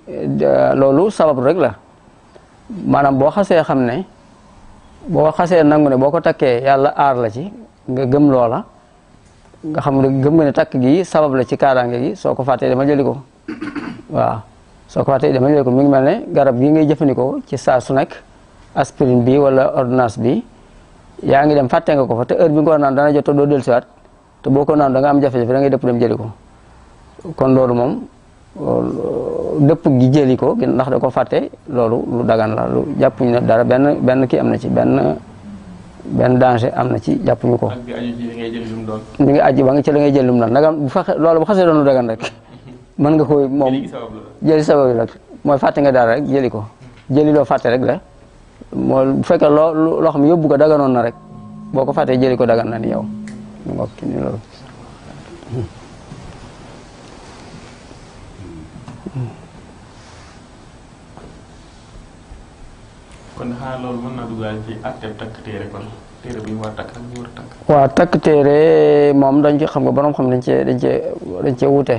euh, loolu sabab rek la maanaam boo xasee xam ne boo xasee nangu ne boo ko takkee yàlla aar la ci nga gëm loola nga xam ne gëm nga ne takk gi sabab la ci kaaraange gi soo ko fàttee dama jëli ko waaw soo ko waxtee damay ko mi ngi mel ne garab gi ngay jëfandikoo ci saa su nekk aspirine bi wala ordonnance bi yaa ngi dem fàtte nga ko fa te heure bi nga ko naan dana jot doo dellusiwaat te boo ko naan da nga am jafe-jafe da ngay loolu moom dëpp gi jëli ko ndax da ko fàtte loolu lu dagan jàppuñu ne dara benn benn kii am na ci benn benn danger am na ci jàppuñu ko. ak bi aju ci li mu doon. li ba nga ci la ngay jël lu mu doon bu fexe loolu bu xasee doon lu dagan rek. mën nga ko moom jëli sabab la mooy fàtte nga dara rek jëli ko jëli loo fàtte rek la mooy bu fekkee loo xam yóbbu ko daganoon na rek boo ko fàttee jëli ko dagan na ni yow ki ni loolu moom dañ ci xam nga borom xam dañ cee dañ cee dañ wuute.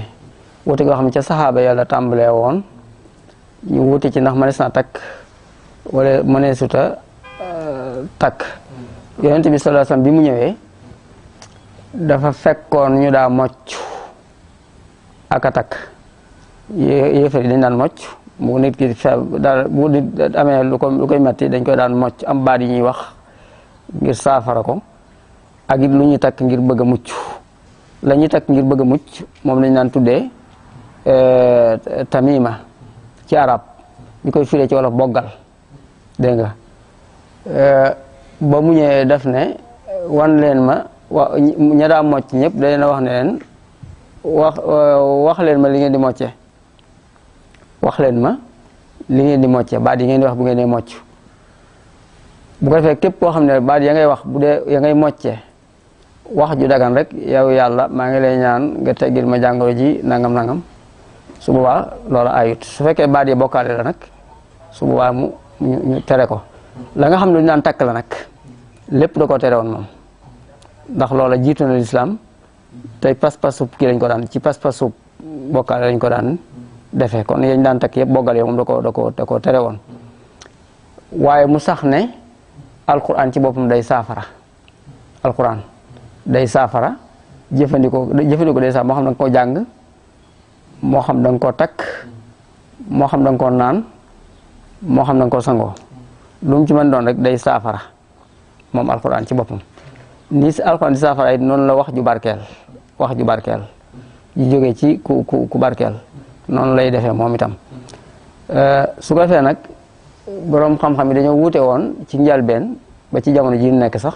wuti goo xam ne ca saxaaba yàlla tàmbalee woon ñu wuti ci ndax mënees na takk walla mëneesuta euh, takk yonent bi sallallahu alayhi wasallam bi mu ñëwee dafa fekkoon ñu daa mocc ak a takk yéefar yi dañ daan mocc mu nit ki daal bu nit amee lu ko lu koy metti dañ koy daan mocc am baat yi ñuy wax ngir saafara ko ak it lu ñuy takk ngir bëgg mucc la ñuy takk ngir bëgg mucc moom lañ daan tuddee Eh, tamima ci arab ñu koy firee ci wolof boggal dégg nga eh, ba mu ñëwee def ne wan leen ma wa daa mocc ñëpp da leen a wax ne leen wax eh, wax leen ma li ngeen di mocce wax leen ma li di mocce baat yi ngeen di wax bu ngeen di mocc bu ko defee képp koo xam ne baat ya ngay wax bu dee ya ngay mocce wax ju dagan rek yow yàlla maa ngi lay ñaan nga teggil ma jàngoro ji nangam nangam su boobaa loola ayut su fekkee baat yi bokkaale la nag su boobaa mu ñu tere ko la nga xam ne ñu daan takk la nag lépp da ko tere woon moom ndax loola jiitu na lislaam tey pas-pasub kii lañ ko daan ci pas-pasub bokkaale lañ ko daan defee kon yañ daan takk yëpp boggal yo moom da ko da ko tere woon waaye mu sax ne alquran ci boppam day saafara alquran day saafara jëfandikoo jëfandikoo day saafara moo xam ne nga ko jàng moo xam da nga koo takk moo xam da nga naan moo xam da ko koo sangoo lu ci mën doon rek day saafara moom alxuraan ci boppam ni si alxuraan di saafara it noonu la wax ju barkeel wax ju barkeel ju jóge ci ku ku ku barkeel noonu lay defee moom itam euh, su ko defee nag boroom xam-xam yi dañoo wuute woon ci njalbeen ba ci jamono ji nekk sax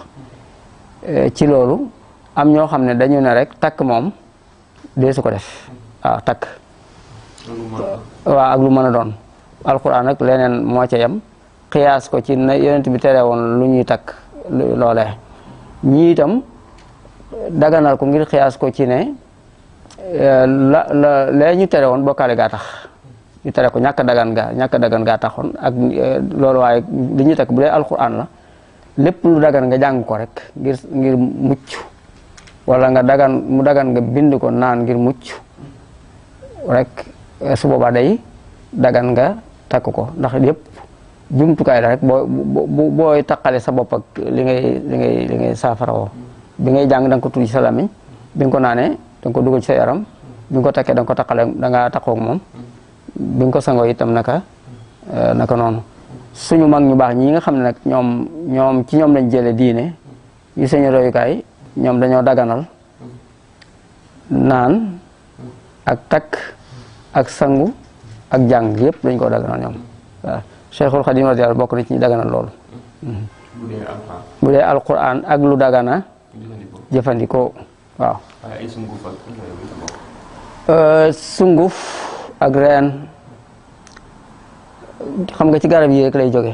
euh, ci loolu am ñoo xam ne dañu ne rek takk moom dee su ko def waaw takk waaw ak lu mën a doon alquran nag leneen moo ca yem xiyaas ko ci na yonent bi tere woon lu ñuy takk ñiitam ñii daganal ko ngir xiyaas ko ci ne eh, la la lee ñu tere woon bokkaale gaa tax ñu tere ko ñàkk dagan gaa ñàkk dagan gaa taxoon ak eh, loolu waaye li ñuy bu dee alquran la lépp lu dagan nga jàng ko rek ngir ngir mucc wala nga dagan mu dagan nga bind ko naan ngir mucc rek eh, su boobaa day dagan nga takk ko ndax yëpp jumtukaay la rek boo boo booy taqale sa bopp ak li ngay li ngay li ngay saafarawoo bi ngay jàng da nga ko tudd sa lamiñ bi nga ko naanee da nga ko ci sa yaram bi ko takkee danga nga ko taqale da ngaa taqoog moom bi nga ko sangoo itam naka eh, naka noonu suñu mag ñu baax ñi nga xam ne nag ñoom ñoom ci ñoom lañ jëlee diine ñu seeni royukaay ñoom dañoo daganal naan ak takk ak sangu ak jàng yépp dañ koo daganal ñoom waaw Cheikhul Khadim radiyallahu bokk na ci ñi daganal loolu. Mm-hmm. bu dee ak lu dagana jëfandikoo waaw. Euh, sunguf ak reen xam nga ci garab yi rek lay jóge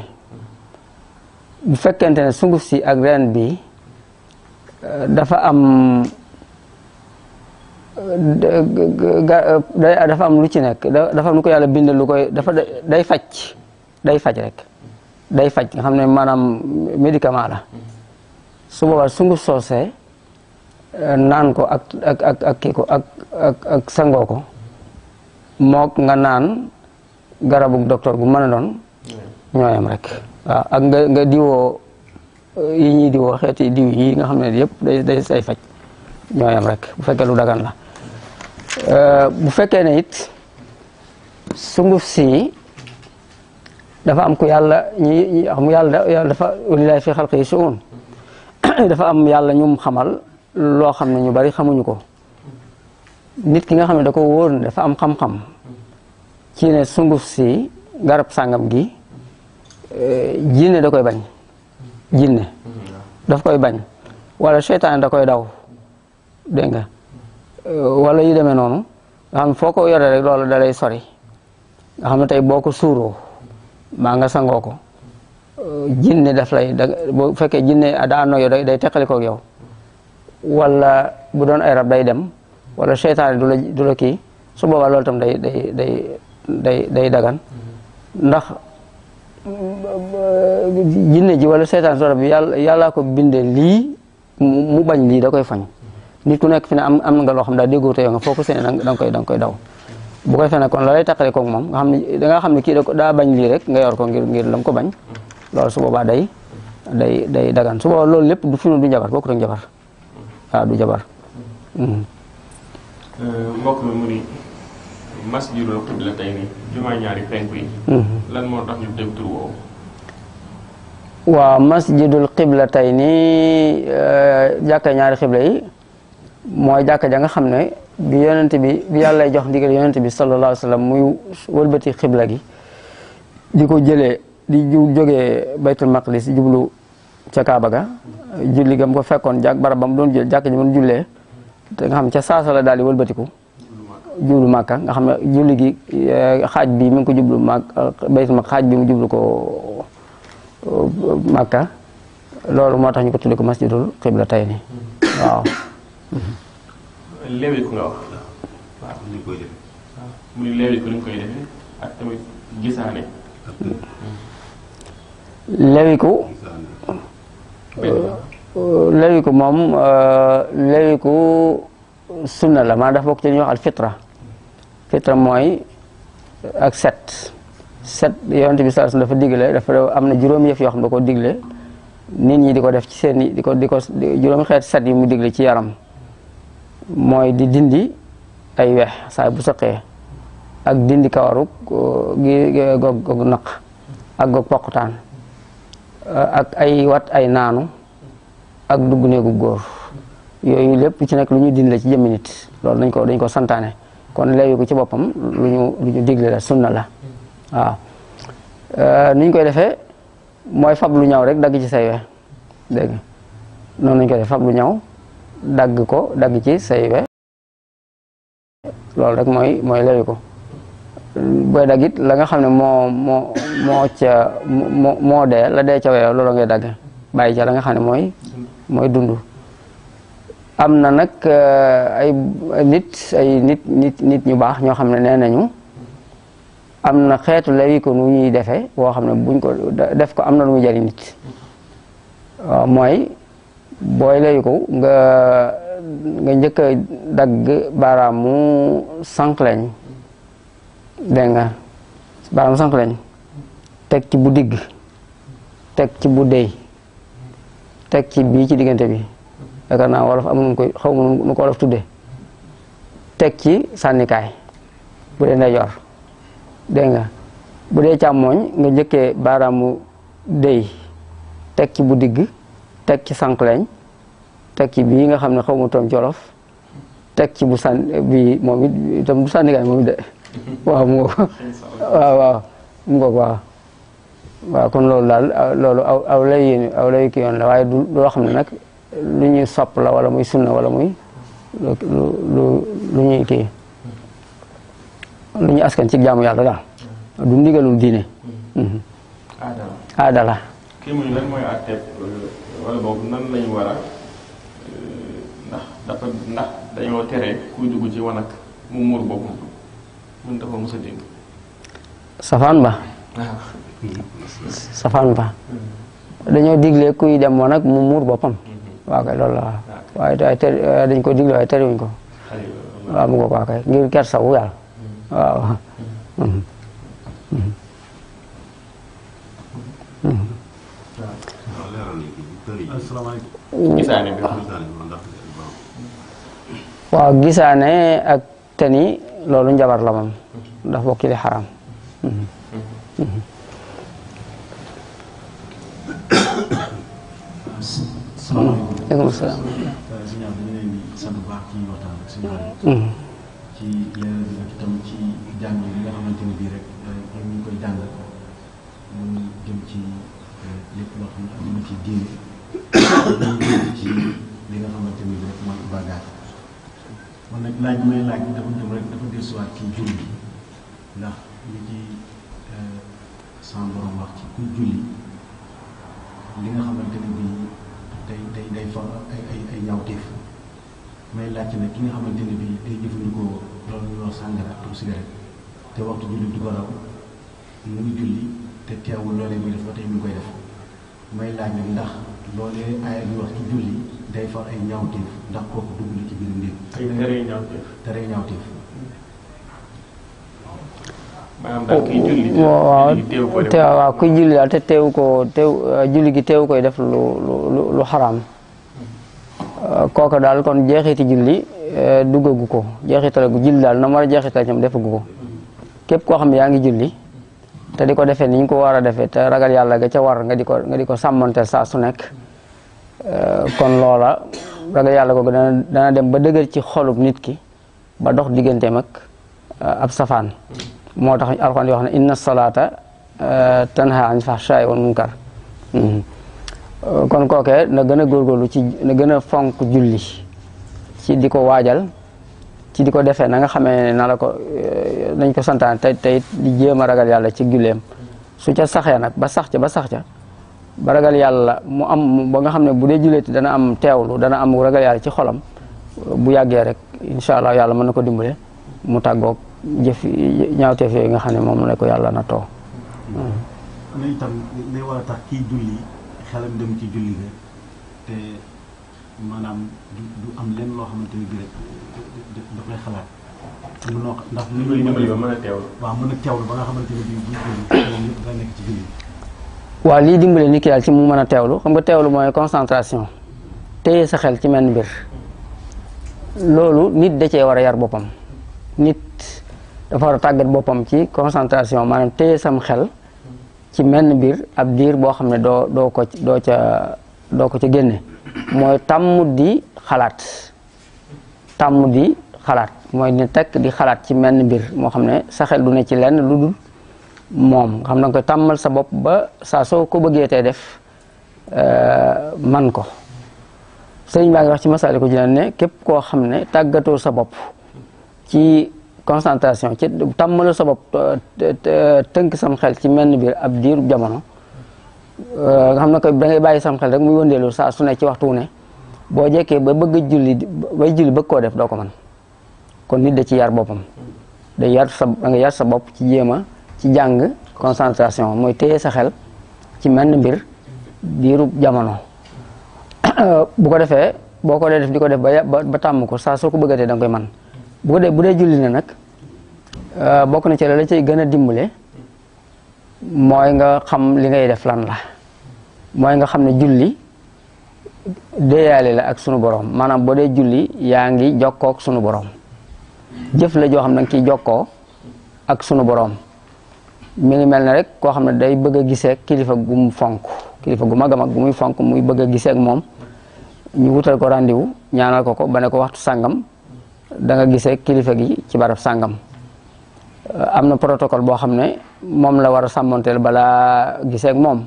bu fekkente sunguf si ak reen bi euh, dafa am. dafa am lu ci nekk dafa am lu ko yàlla bindal lu koy dafa day faj day faj rek day faj nga xam ne maanaam médicament la su boobaa sungu soosee naan ko ak ak ak ak kii ko ak sangoo ko mook nga naan garabug docteur bu mën a doon ñooyam rek waaw ak nga nga diwoo yi ñuy diwoo xeeti diw yii nga xam ne yëpp day day say faj ñooyam rek bu fekkee lu dagan la Euh, bu fekkee ne it sunguf si dafa am ku yàlla ñi xam yàlla dafa walilaay fi xalqi suun dafa am yàlla ñum xamal loo xam ne ñu bari xamuñu ko nit ki nga xam ne da ko wóor ne dafa am xam-xam ci ne sunguf si garab sàngam gi euh, jinne da koy bañ jinne daf koy bañ wala seytaane da koy daw dégg Euh, wala yu demee noonu nga xam ne foo ko yore rek loolu da lay sori nga xam tey boo ko suuroo maa nga sangoo ko euh, jinne daf lay da bu fekkee jinne daa àndoo yow day teqali koog yow wala bu doon ay rab day dem wala seytaane du la du la kii su boobaa loolu tam day day day day day dagan ndax euh, jinne ji wala seytaane su rab yàlla yàllaa ko bindee lii mu bañ lii da koy fañ nit ku nekk fi ne am am nga loo xam daal déggoo te yow nga foo ko séenee da nga koy da nga koy daw bu koy fene kon la lay taqale koog moom nga xam ne da nga xam ne kii daa bañ lii rek nga yor ko ngir ngir lam ko bañ lool su boobaa day day day dagan su boobaa loolu lépp du fi du jabar bokkut ak jabar waaw du jabar hmm. euh, mbokk mi mu ni masjidul qiblatayni jumaa ñaari hmm. euh, jàkka ñaari xibla yi mooy jàkka ja nga xam ne bi yonent bi bi yàlla jox ndigal yonent bi sallallahu alayhi wa sallam muy wëlbati xibla gi di ko jëlee di jógee baytul maqdis jublu ca Kaaba ga julli gam ko fekkoon jàkk barab ba mu doon jël jàkk ji mu jullee te xam ca saasa daal di wëlbatiku jublu màkka nga xam ne julli gi eh, xaaj bi mu ngi ko jublu màkk baytul maqdis xaaj bi mu jublu ko eh, màkka loolu moo tax ñu ko tudde ko masjidul xibla tay ni waaw Mm-hmm. léewi ku nga ku lewiku euh, lewiku moom euh, lewiku sunna la maanaam dafa bokk ci li ñuy wax al fitra fitra mooy ak set set yonent bi sallallahu dafa digle dafa am na juróomi yëf yoo xam ne da ko digle nit ñi di ko def ci seen di ko di ko juróom xeet set yi mu digle ci yaram mooy di dindi ay wex saay bu sëqee ak dindi kawarug uh, gi gog gog ak gog poqutaan uh, ak ay wat ay naanu ak dugg néegu góor yooyu lépp ci nekk lu ñuy dind la ci jëmmi nit loolu dañ ko dañ ko santaane kon leeyu ko ci boppam lu ñu lu digle la sunna la waaw uh, ni koy defee mooy fab lu ñaw rek dagg ci say we dégg noonu lañ koy def fab lu ñaw dagg ko dagg ci say we loolu rek mooy mooy layu ko booy dagg it la nga xam ne moo moo moo ca moo moo dee la dee ca weew loolu ngay dagg bàyyi ca la nga xam ne mooy mooy dund am na nag eh, ay nit ay nit nit nit ñu baax ñoo xam ne nee nañu am na xeetu lawi ko nu ñuy defee woo xam ne buñ ko def ko am na lu muy jariñ nit mooy booy layu ko nga nga njëkk a dagg baaraamu sànqleñ dégg nga baaraamu sànqleñ teg ci bu digg teg ci bu dey teg ci bii ci diggante bi yaakaar naa wolof am nu koy xaw ma nu ko wolof tudde teg ci sànnikaay bu dee ndeyjoor dégg nga bu dee càmmooñ nga njëkkee baaraamu dey teg ci bu digg teg ci sànqleñ teg ci bii nga xam ne xaw ma toom colof teg ci bu sànni bii moom it itam du sànnikaay moom it mu ngoog waaw waaw mu ngoog waaw waaw kon loolu daal aw aw lay yéen aw lay kii yoon la waaye du loo xam ne nag lu ñuy sopp la wala muy sunna wala muy lu lu lu ñuy kii lu ñuy askan ci jaamu yàlla daal du ndigalul diine. Mm-hmm. Mm-hmm. aadala aadala. kii dafa ndax dañoo tere kuy dugg ci wanag mu muur boppam safaan ba. Ah. safaan ba. dañoo digle kuy dem wanag mu muur boppam. Mm-hmm. waaw kay loolu la waaw. Ah, waaye te eh, dañ ko digle waaye terewuñ ko. waaw mu ngoog waaw kay ngir kersa wu yàlla. waaw gisaane ak tani loolu njabar la moom daf bokk ci li xaraam salaamaaleykum salaam euh, kon nag laaj may laaj dafa jëm rek dafa dellusiwaat ci julli ndax li ci euh, sama borom wax ci ku julli li nga xamante ne bii day day day fa ay ay ay ñawteef may laaj nag ki nga xamante ne bii day jëfandikoo loolu ñuy wax sàngara ak turu te waxtu julli du mu ngi koy def may laaj ndax loolee aaya bi wax ci julli. day kuy julli. waaw te kuy julli daal te teew ko euh, julli gi teew koy def lu lu lu xaraam. Euh, kooka daal kon jeexiti julli euh, duggagu ko jeexital gu julli daal na mu war a jeexital ñoom defagu ko. képp koo xam yaa ngi julli. te di ko defee ni ñu ko war a defee te ragal yàlla ga ca war nga di ko nga di ko sàmmanteel saa su nekk. Euh, kon loola ragal yàlla googu dana dana dem ba dëgër ci xolub nit ki ba dox digganteem ak euh, ab safaan moo tax alxuraan yoo xam ne inna salaata euh, tanha anil fahshaa'i wal munkar hmm. kon kookee na gën a góorgóorlu ci na gën a fonk julli ci di ko waajal ci di ko defee na nga xamee na la ko dañ ko santaan tey tey di jéem a ragal yàlla ci julleem su ca saxee nag ba sax ca ba sax ca ba ragal yàlla mu am ba nga xam ne bu dee jullit dana am teewlu dana am ragal yàlla ci xolam bu yàggee rek incha allah yàlla mën na ko dimbale mu tàggoog jëf ñaawteef yooyu nga xam ne moom la ko yàlla na too. am na loo xamante ni bi rek da xalaat. mënoo ndax. mën a teewlu waaw mën ba nga xamante ne bii buñ julli da nekk ci julli. waaw lii dimbale nit ki daal ci mu mën a teewlu xam nga teewlu mooy concentration téye sa xel ci menn mbir loolu nit da ce war a yar boppam nit dafa war a tàggat boppam ci concentration maanaam téye sam xel ci menn biir ab diir boo xam ne doo doo ko doo ca doo ko ca génne mooy tàmm di xalaat tàmm di xalaat mooy ne tekk di xalaat ci menn mbir moo xam ne sa xel du ne ci lenn lu dul moom xam na ko tàmmal sa bopp ba saa soo ko bëggee tey def euh, man ko sëriñ baa ngi wax ci masali ko jinaan ne képp koo xam ne tàggatoo sa bopp ci concentration ci tàmmalu sa bopp tënk sam xel ci menn biir ab diir jamono nga euh, xam ne ko da ngay bàyyi sam xel rek muy wëndeelu saa su ne ci waxtu ne boo jekkee ba bëgg julli bay julli bëgg koo def doo ko mën kon nit da ci yar boppam sa da yar sa bopp ci jéem ci jàng concentration mooy téye sa xel ci menn mbir diirub jamono bu ko defee boo ko dee def di ko def ba tàmm ko saa soo ko bëggatee da koy man bu dee bu dee julli na nag euh, bokk na ci la la gën a dimbale mooy nga xam li ngay def lan la mooy nga xam ne julli déyaale la ak sunu borom maanaam boo dee julli yaa ngi jokkook sunu borom jëf la joo xam ne danga ciy jokkoo ak sunu borom mi ngi mel ne rek koo xam ne day bëgg a gisee kilifa gu fonk kilifa gu mag a mag gu muy fonk muy bëgg a gisee moom ñu wutal ko rendez-vous ñaanal ko ko ba ne ko waxtu sàngam danga nga kilifa gi ci barab sàngam euh, am na protocole boo xam ne moom la war a sàmmanteel balaa gisee moom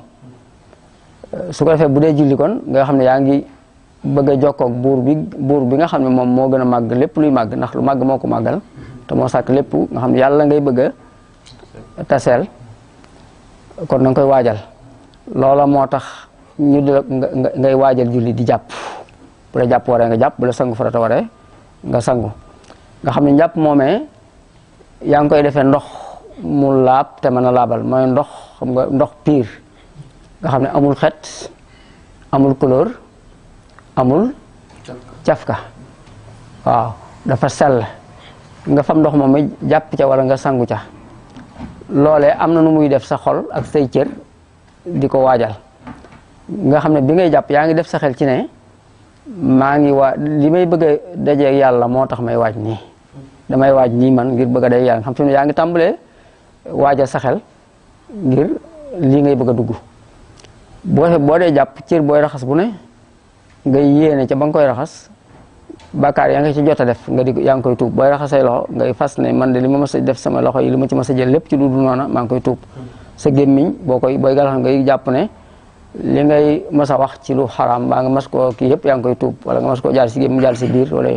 euh, su ko defee bu dee julli kon nga xam ne yaa ngi bëgg a jokkoog buur bi buur bi nga xam ne moom moo gën a màgg lépp luy màgg ndax lu màgg moo ko màggal te sàkk lépp nga xam ne yàlla ngay bëgg taseel kon da koy waajal loola moo tax ñu ngay waajal julli di jàpp bu la jàpp waree nga jàpp bu la sangu farata waree nga sangu nga xam ne njàpp moomee yaa ngi koy defee ndox mu laab te mën a laabal mooy ndox xam nga ndox piir nga xam ne amul xet amul couleur amul cafka waaw dafa sell nga fam ndox moom jàpp ca wala nga sangu ca loole am na nu muy def sa xol ak say cër di ko waajal nga xam ne bi ngay jàpp yaa ngi def sa ci ne maa ngi waa li may bëgg a dajeeg yàlla moo tax may waaj ni damay waaj nii man ngir bëgg a day yàlla nga xam te ne yaa ngi tàmbalee waajal sa xel ngir lii ngay bëgg a dugg boo boo dee jàpp cër booy raxas bu ne nga yéene ca ba nga koy raxas bàkkaar yaa ngi ci jot a def nga di yaa ngi koy tuub booy raxas say loxo ngay fas ne man de li ma mës a def sama loxo yi li ma ci a jël lépp ci duudu noona maa ngi koy tuub boo koy booy galax ngay jàpp ne li ngay mës a wax ci lu xaraam mbaa nga mas yëpp yaa ngi koy tuub wala nga mas koo jaar si gémmiñ jaar si biir wala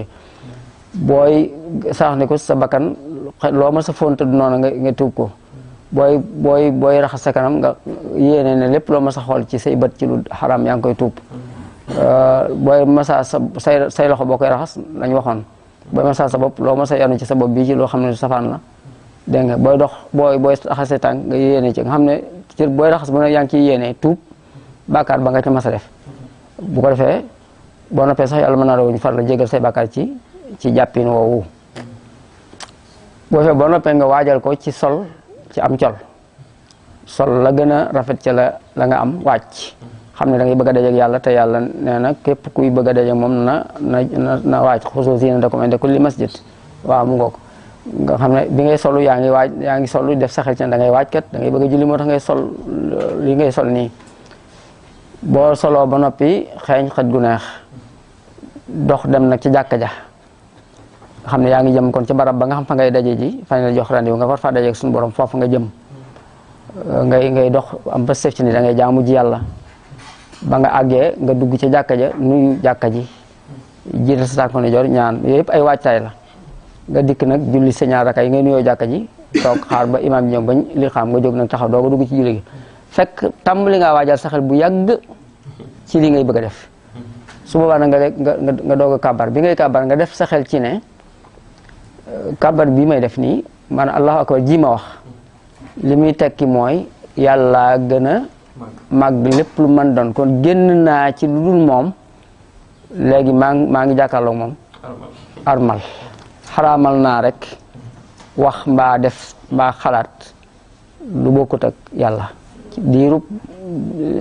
booy saax ne ko sa bakkan loo mës a fonte du noona nga nga tuub ko booy booy booy raxas sa kanam nga yéene lépp loo mës a xool ci say bët ci lu xaraam yaa ngi koy tuub Euh, booy masaa sa say say loxo boo koy raxas lañ waxoon booy massa sa bopp loo masa yanu ci sa bopp bii ci loo xam ne safaan la dégg nga booy dox booy booy raxase tànk nga yéene ci nga xam ne ci booy raxas bu ne yaa ngi ciy yéene tuub bàkkaar ba nga ca masa def bu ko defee boo noppee sax yàlla man naa dawuñu far la jégal say bàkkaar ci ci jàppin woowu boo fee boo noppee nga waajal ko ci sol ci am col sol la gën a rafet ci la la nga am wàcc xam ne dangay ngay bëgg a yàlla te yàlla nee na képp kuy bëgg a moom na na na na waaj xusuusiina lakum inda kulli masjid waaw mu ngoog xam ne bi ngay solu yaa ngi waaj yaa ngi solu def sa xel ci da ngay waaj kat da ngay bëgg a julli moo tax ngay sol li ngay sol nii boo soloo ba noppi xeeñ xët gu neex dox dem nag ci jàkka ja xam ne yaa ngi jëm kon ci barab ba nga xam fa ngay daje ji fañ la jox rendez-vous nga far borom foofu nga jëm ngay dox am sëf ci ni da ngay jaamu ji yàlla ba nga àggee nga dugg ca jàkka ja nuyu jàkka ji jir sa tànk ne jor ñaan yooyu yëpp ay waajtaay la nga dikk nag julli sa ñaar rakka yi nga nuyoo jàkka ji toog xaar ba imaam bi ñëw bañ li xam nga jóg nag taxaw doo ko dugg ci julli fekk tàmbali ngaa waajal sa xel bu yàgg li ngay bëgg a def su boobaa nag nga nga nga doog a kàbbar bi ngay kàbbar nga def sa xel ci ne euh, kàbbar bi may def nii maanaam allahu akbar ji ma wax li muy tekki mooy yàlla gën a màgg lépp lu mën doon kon génn naa ci lu dul moom léegi maa ngi maa ngi jàkkaarloog moom armal mal naa rek wax mbaa def mbaa xalaat lu bokkut ak yàlla diirub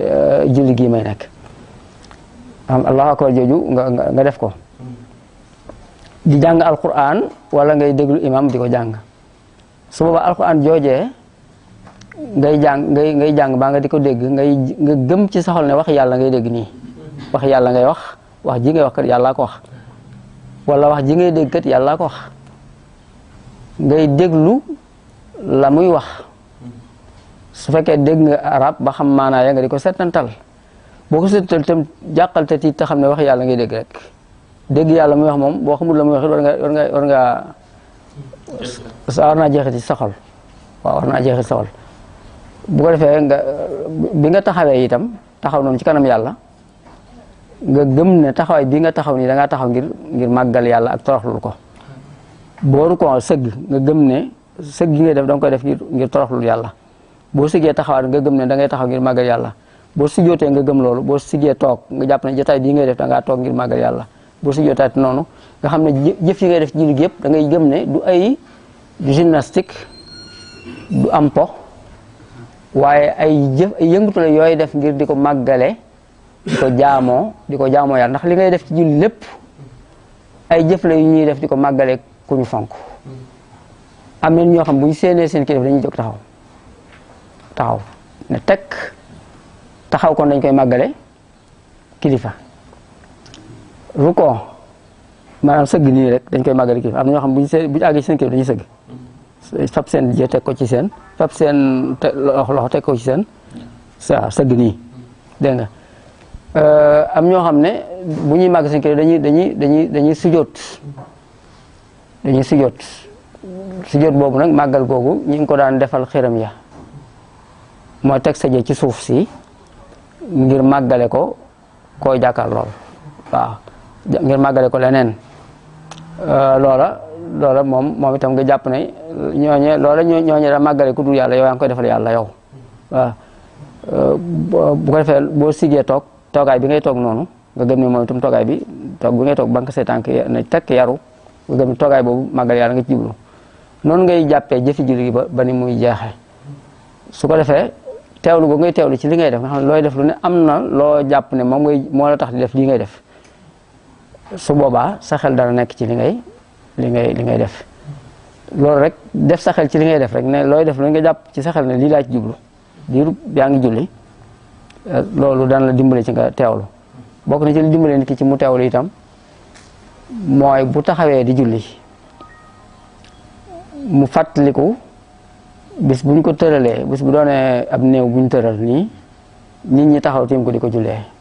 euh, julli gi may nekk am allahu akbar jooju nga def ko di jàng alquran wala ngay déglu imam di ko jàng su boobaa alquran joojee ngay jàng ngay ngay jàng baa nga di ko dégg ngay nga gëm ci sa xol ne wax yàlla ngay dégg ni wax yàlla ngay wax wax ji ngay wax kat yàllaa ko wax wala wax ji ngay dégg kat yàllaa ko wax ngay déglu la muy wax su fekkee dégg nga arab ba xam maanaa ya nga di ko setantal boo ko setantal tam jàqal te xam ne wax yàlla ngay dégg rek dégg yàlla muy wax moom boo xamul la muy wax war nga war nga war wa war naa jeexit ci sa bu defee nga bi nga taxawee itam taxaw noonu ci kanam yàlla nga gëm ne taxawaay bi nga taxaw nii da ngaa taxaw ngir ngir màggal yàlla ak toroxlul ko booru ko sëgg nga gëm ne sëgg gi ngay def da nga koy def yàlla boo siggee taxawaat nga gëm ne da ngay taxaw ngir màggal yàlla boo siggootee nga gëm loolu boo siggee toog nga jàpp ne jotaay bi ngay def da toog ngir màggal yàlla boo siggootaat noonu nga xam ne jëf ngay def ci jullit yëpp da ngay gëm ne du ay gymnastique du am po waaye ay jëf ay yëngatu la def ngir di ko màggale di ko jaamoo di ko jaamoo yàlla ndax li ngay def ci julli lépp ay jëf la yu ñuy def di ko màggale ku ñu fonk am na ñoo xam bu ñu seenee seen kilifa dañuy jóg taxaw taxaw ne tekk taxaw kon dañ koy màggale kilifa ruko maanaam sëgg nii rek dañ koy màggale kilifa am na ñoo xam bu ñu see bu ñu àggee seen sëgg fab seen jë teg ko ci seen fab seen loxo teg ko ci seen saa sëgg nii dégg nga euh, am ñoo xam ne bu ñuy màgg seen kër dañuy dañuy dañuy dañuy sujoot dañuy sujoot sujoot boobu nag màggal googu ñu ngi ko daan defal xiram ya mooy teg sa ci suuf si ngir màggale ko koy jàkkaar lool waaw ngir màggale ko leneen euh, loola loola moom moom itam nga jàpp ne ñooñe loola ñoo ñooñe la màggale ku dul yàlla yow yaa ngi koy defal yàlla yow waaw ko defee boo sigee toog toogaay bi ngay toog noonu nga gëm ne moom itam toogaay bi toog bi ngay toog banque say tànk na tekk yaru nga gëm boobu màggal yàlla nga ci jublu noonu ngay jàppee jëfi julli gi ba ba ni muy jeexee su ko defee teewlu boobu ngay teewlu ci li ngay def nga xam looy def lu ne am na loo jàpp ne moom ngay moo la tax di def lii ngay def su boobaa sa xel dana nekk ci li ngay li ngay li ngay def loolu rek def saxel ci li ngay def rek ne looy def loolu nga jàpp ci saxel xel ne lii laa ci jublu diiru yaa ngi julli eh, loolu daan la dimbale ci nga teewlu bokk na ci li dimbale nit ki ci mu teewlu itam mooy bu taxawee di julli mu fàttaliku bis buñ ko tëralee bis bu doonee ab néew buñ tëral nii nit ñi taxaw tiim ko di ko jullee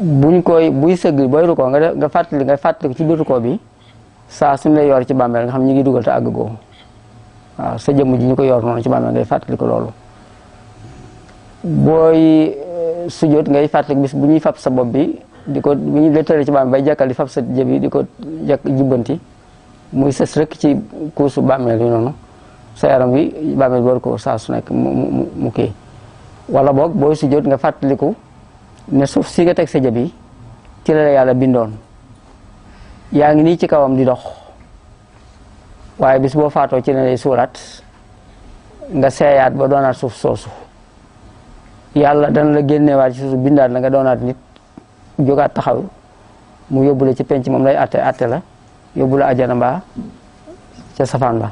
buñ koy buy sëgg booy rukkoo nga def nga fàttali nga fàttali ci biir rukkoo bi saa suñ lay yor ci bàmmeel nga xam ñu ngi dugal te àgg googu sa jëmm ji ñu ko yor noonu ci bàmmeel ngay fàttali ko loolu booy eh, sujjóot ngay fàttali bu ñuy fab sa bopp bi di ko bu ñuy lettale ci bàmmeel bay jàkkal di sa jëb di ko jàkk jubbanti muy sës ci kuusu bàmmeel yi noonu sa yaram bi bàmmeel saa su nekk mu mu wala boog booy sujjóot nga fàttaliku ne suuf si nga teg sa jabi ci la la yàlla bindoon yaa ngi nii ci kawam di dox waaye bis boo faatoo ci la lay suuraat nga seeyaat ba doonaat suuf soosu yàlla dana la génnewaat ci suuf bindaat nga doonaat nit jógaat taxaw mu yóbbu la ci penc moom lay atte atte la yóbbu la ajana ca safaan ba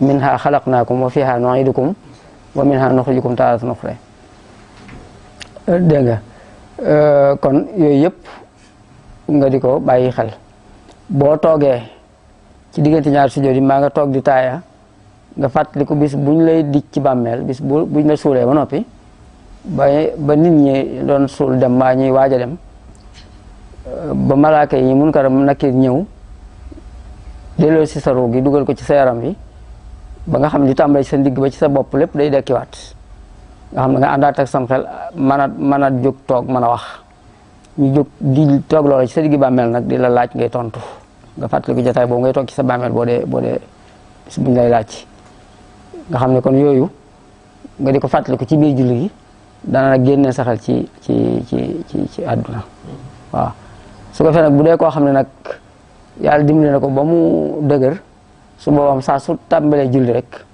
minha xalaqnaakum wa fiha nuidukum wa minha nuxrijukum taaratan uxra dégg nga Euh, kon yooyu yëpp nga di ko bàyyi xel boo toogee ci diggante ñaar sujjóot yi maa nga toog di taaya nga fàttali ko bis buñ lay dij ci bàmmeel bis bu buñ la suulee ba noppi ba ba nit ñi doon suul dem maa ñuy waaj a dem euh, ba malaaka yi mun karam nakir ñëw delloo si sa ruug gi dugal ko ci sa yaram bi ba nga xam li tàmbalee ci sa ndigg ba ci sa bopp lépp day dekkiwaat nga xam ne nga àndaat ak sam xel mën toog mën a wax ñu toog loola ci sa digg nag di laaj ngay tontu nga fàttaliku jotaay boobu ngay toog ci sa bàmmeel boo boo dee buñ lay nga xam ne kon yooyu nga di ko fàttaliku ci biir julli gi dana la génne sa ci ci ci ci ci àdduna waaw su ko defee nag bu dee koo xam ne nag yàlla dimbali na ko ba mu dëgër su boobam saa su tàmbalee julli rek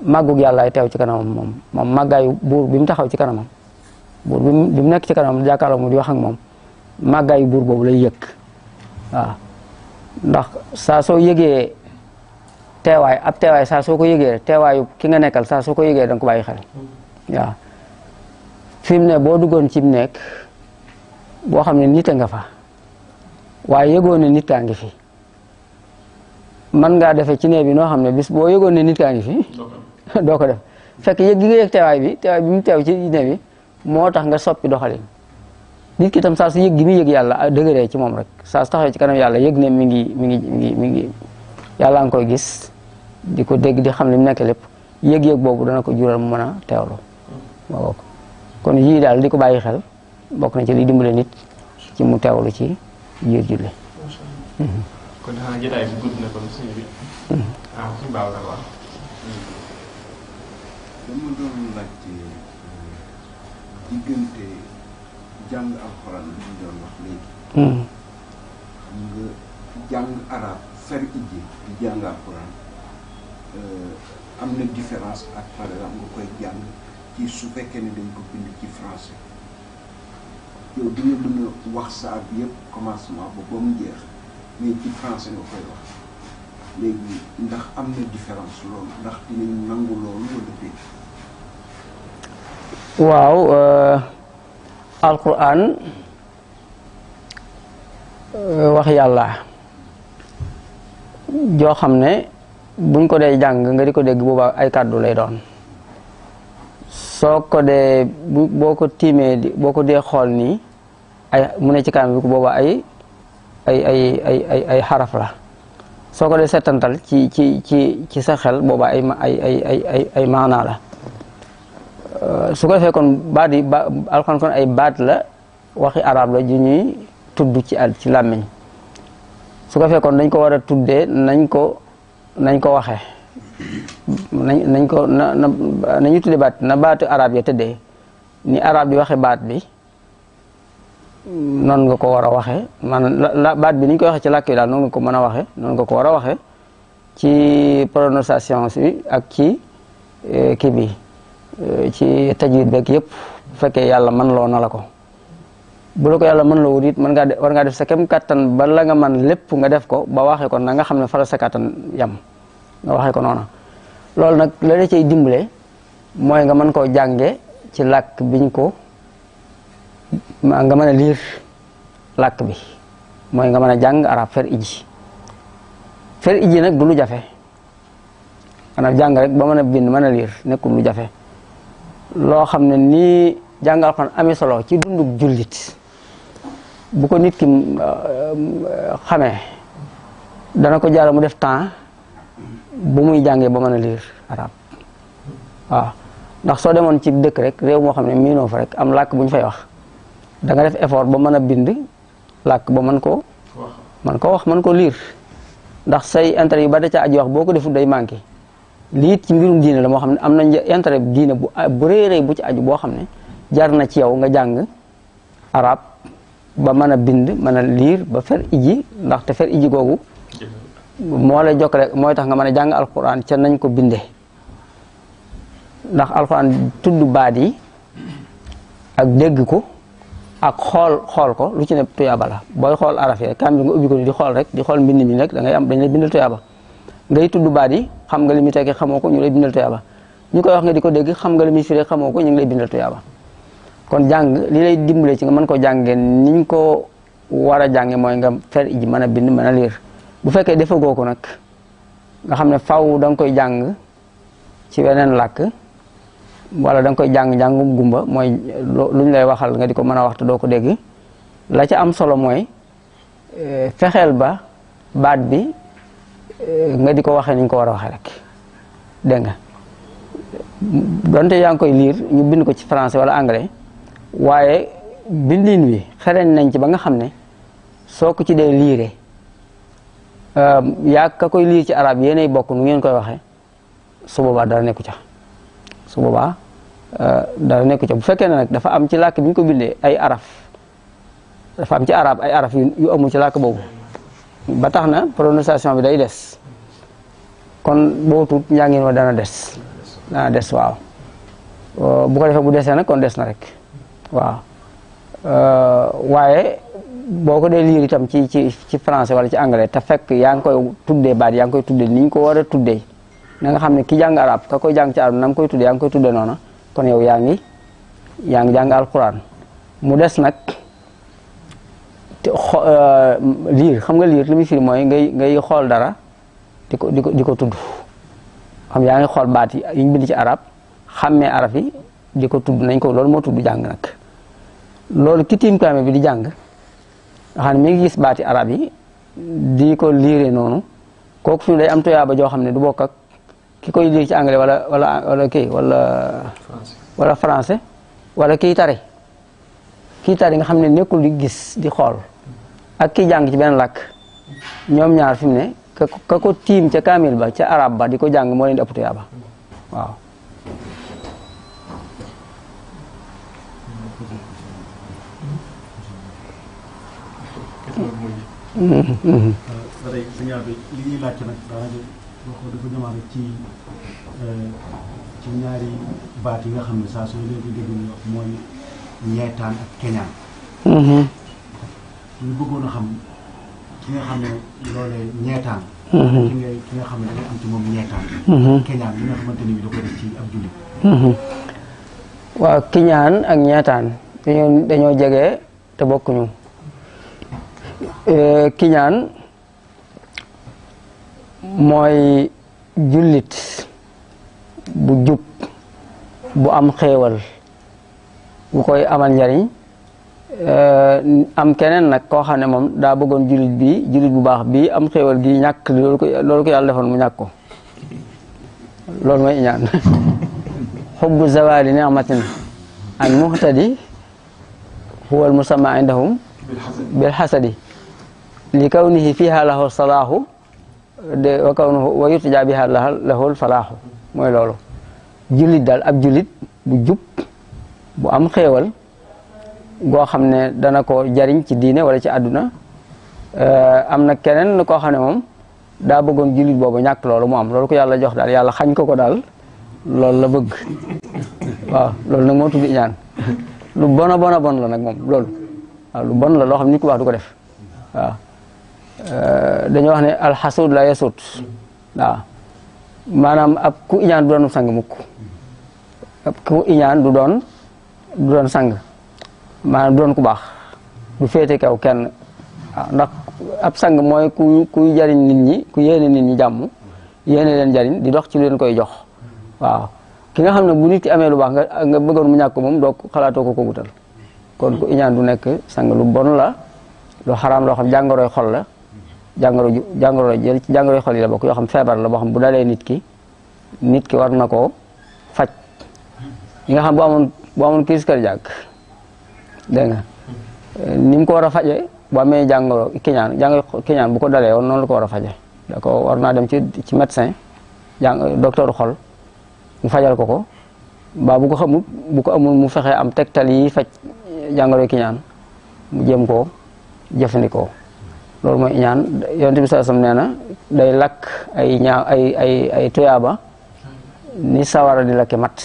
màggug yàllaay teew ci kanamam moom moom màggaayu buur bi mu taxaw ci kanamam buur bi mu bi mu nekk ci kanamam jàkkaarloo mu di wax ak moom màggaayu buur boobu lay yëg waaw ndax saa soo yëgee teewaay ab teewaay saa soo ko yëgee teewaayu ki nga nekkal saa soo ko yëgee da nga ko bàyyi xel waaw fi mu ne boo duggoon ci mu nekk boo xam ne nit a nga fa waaye yëgoon ne nit kaa ngi fi mën ngaa defee ci nee bi noo xam ne bis boo yëgoon ne nit kaa ngi fi doo ko def fekk yëg gi nga yëg teewaay bi teewaay bi mu teew ci diine bi moo tax nga soppi doxalin nit ki tam saa su yëg gi muy yëg yàlla ah, dëgëree ci moom rek saa su taxawee ci kanam yàlla yëg ne mi ngi mi ngi mi ngi mi ngi yàlla nga koy gis di ko dégg di xam li mu nekk lépp yëg-yëg boobu dana ko jural mu mën a teewlu moo kon yii daal di ko bàyyi xel bokk na ci liy dimbale nit ci mu teewlu ci biir julli dama doon laajte euh, diggante jàng alxuraan bi doon wax léegi. Hmm. xam nga jàng arab fer ijji di jàng alxuraan euh, am na différence ak par exemple nga koy jàng ci su fekkee ne dañ ko bind ci français yow di nga wax saa bi yëpp commencement ba ba mu jeex mais ci français nga koy wax léegi ndax am na différence loolu ndax dinañ nangu loolu wala déet. waaw uh, alquran uh, wax yàlla joo xam ne buñ ko dee jàng nga di ko dégg booba ay kàddu lay doon soo ko dee boo ko tiimee boo ko dee xool nii ay mu ne ci kanam bi boobaa ay ay ay ay ay ay xaraf la soo ko dee setantal ci ci ci ci sa xel boobaa ay ay ay ay ay maanaa la Euh, su ko defee baat yi ba alxuraan ay baat la waxi arab la ju ñuy tudd ci al ci làmmiñ su ko fekkoon kon dañ ko war a tuddee nañ ko nañ ko waxe nañ nañ ko na na nañu baat na baatu arab ya tëddee ni arab di waxe baat bi noonu nga ko war a waxee la baat bi nañ ñu koy waxee ci làkk yi daal noonu nga ko mën a waxee noonu nga ko war a waxee ci prononciation bi ak ci euh, kii bi ci tajwid beeg yëpp bu fekkee yàlla mën loo na la ko bu la ko yàlla mën loo mën ngaa war ngaa def sa kem kattan ba la nga man lépp nga def ko ba waxee ko nanga xam ne fa la sa kattan yam nga waxee ko noona loolu nag la la cay dimbale mooy nga man koo jànge ci làkk biñ ko maa nga mën a liir làkk bi mooy nga mën a jàng arab fer iji fer iji nag du lu jafe a jàng rek ba mën a bind man a liir nekkul lu jafe loo xam ne nii jàngal kon amee solo ci dundug jullit bu ko nit ki euh, xamee dana ko jaara mu def temps bu muy jàngee ba mën a lire arab waaw ndax soo demoon ci dëkk rek réew moo xam ne miino fa rek am làkk bu ñu fay wax danga def effort ba mën a bind làkk ba mën ko mën koo wax mën ko liir ndax say intérêt yu bari ca aju wax boo ko deful day manqué lii ci mbirum diine la moo xam ne am na intérêt diine bu bu réeree bu ci aju boo xam ne jar na ci yow nga jàng arab ba mën a bind mën a liir ba fer iji ndaxte fer iji googu moo lay jokkale mooy tax nga mën a jàng alquran ca nañ ko bindee ndax alquran tudd baat yi ak dégg ko ak xool xool ko lu ci ne tuyaaba la booy xool araf yi kaamil nga ubbi ko di xool rek di xool mbind mi rek da ngay am dañ lay bindal tuyaaba ngay tudd baat yi xam nga li muy tekki xamoo ko ñu lay bindal tuyaaba ñu koy wax nga di ko dégg xam nga li muy firi xamoo ko ñu ngi lay bindal tuyaaba kon jàng li lay dimbale ci nga mën ko jàngee niñ ko war a jànge mooy nga ji mën a bind mën a liir bu fekkee defagoo ko nag nga xam ne faw danga koy jàng ci weneen làkk wala da koy jàng jàngum gumba mooy luñ lay waxal nga di ko mën a waxtu doo ko dégg la ci am solo mooy eh, fexeel ba baat bi Eh, nga di ko waxee ni ñu ko war a waxee rek dégg nga donte yaa ngi koy liir ñu bind ko ci français wala anglais waaye bindin wi xereñ nañ ci ba nga xam ne soo ko ci dee liire euh, yaa ka koy liir ci arab yéenay bokk nu ngeen koy waxee su boobaa dara nekku ca su boobaa euh, dara nekku ca bu fekkee ne nag dafa am ci làkk bi ñu ko bindee ay araf dafa am ci arab ay araf yu amu ci làkk boobu ba tax na prononciation bi day des kon boo tuut njàngin wa dana des dana des waaw uh, bu ko defee bu desee nag kon des na rek waaw uh, waaye boo ko dee liir itam ci ci ci français wala ci anglais te fekk yaa ngi koy tuddee baat yaa ngi koy tuddee ni ñu ko war a tuddee na xam ne ki jàng arab ka koy jàng ci arab na nga koy tuddee yaa ngi koy tuddee noona kon yow yaa ngi yaa ngi jàng alquran mu des nag Euh, liir xam nga liir li muy firi mooy ngay ngay xool dara di ko di di ko tudd xam yaa ngi xool baat yi yi ñu bind ci arab xàmmee arab yi di ko tudd nañ ko lool moo tudd jàng nag loolu ki tiim kaame di jàng nga mi ngi gis baati arab yi di ko liire noonu kooku fi mu day am tuyaaba joo xam ne du bokk ak ki koy liir ci anglais wala wala wala kii wala wala français wala tari kii tari nga xam ne nekkul di gis di xool ak ki jàng ci benn làkk ñoom ñaar fi mu ne ka ko tiim ca kaamil ba ca arab ba di ko jàng moo leen di ëpp tuyaaba waaw tey sëñ bi li ñuy laajte nag daanaka wax dafa jëmaale ci ci ñaari baat yi nga xam mm-hmm. ne saa soo leen di dégg ñu wax mooy ñeetaan ak keñaan ñu mhm. mhm. mhm. waaw kiñaan ak ñeetaan dañoo dañoo jege te bokkuñu euh, kiñaan mooy jullit bu jub bu am xéewal bu koy amal njariñ Euh, am keneen nag koo xam ne moom daa bëggoon julit bii julit bu baax bii am xéewal gi ñàkk loolu ko loolu ko yàlla mu ñàkk ko loolu mooy iñaan xubbu zawali ni'matin an muhtadi huwa almusamma indahum bilxasadi li kawnihi fiha lahu salaahu de wa kawnuhu wa yurtija biha lahu lfalaahu mooy loolu jullit daal ab jullit bu jub bu am xéewal goo xam ne dana ko jariñ ci diine wala ci àdduna euh, am na keneen koo xam ne moom daa bëggoon jullit boobu ñàkk loolu mu am loolu ko yàlla jox daal yàlla xañ ko ko daal loolu la bëgg waaw loolu nag moo bon bon a bon nag moom loolu lu bon la loo xam ne nit ku baax du ko def waaw euh, wax ne alxasuud la yasuud waaw ab ku iñaan du doon sang mukk ab ku iñaan du doon du doon sang maanaam doon ku baax du féete kaw kenn ndax ab sang mooy ku kuy jariñ nit ñi ku yéene nit ñi jàmm yéene leen jariñ di dox ci leen koy jox waaw ki nga xam ne bu nit ki amee lu baax nga nga bëggoon mu ñàkk ko moom doo xalaatoo ko ko wutal kon ku iñaan du nekk sang lu bon la lu xaraam loo xam jàngoroy xol la jàngoro ju jàngoro jël ci jàngoroy xol yi la bokk yoo xam feebar la boo xam bu dalee nit ki nit ki war na koo faj yi nga xam bu amoon bu amoon crise dégg nga ni mu ko war a faje bu amee jàngoro kiñaan jàngoro kiñaan bu ko dalee noonu la ko war a faje naa dem ci ci médecin jàng docteur xol mu fajal ko ko ba bu ko xamul bu ko amul mu fexee am tegtal yi faj jàngoro kiñaan mu jëm koo jëfandikoo loolu mooy ñaan yonent bi sallallahu alayhi wasallam nee na day lakk ay ñaaw ay ay ay tuyaaba ni sawara di lakke mat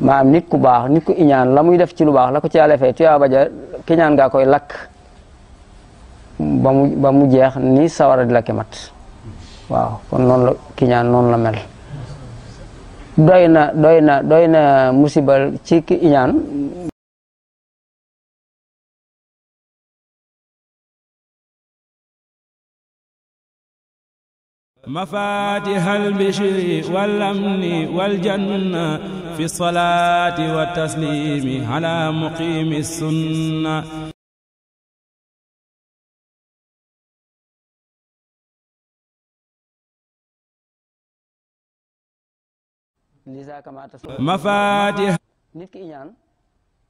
maanaam nit ku baax nit iñaan la muy def ci lu baax la ko ci yàlla fay ba ja kiñaan ngaa koy lakk ba mu jeex ni sawara di la ke mat waaw kiñaan noonu la mel doy na doy na doy na ci ki iñaan mafatihal bishri wal amni wal janna fi salaati wa taslimi ala muqimi sunna mafatih nit ki iñaan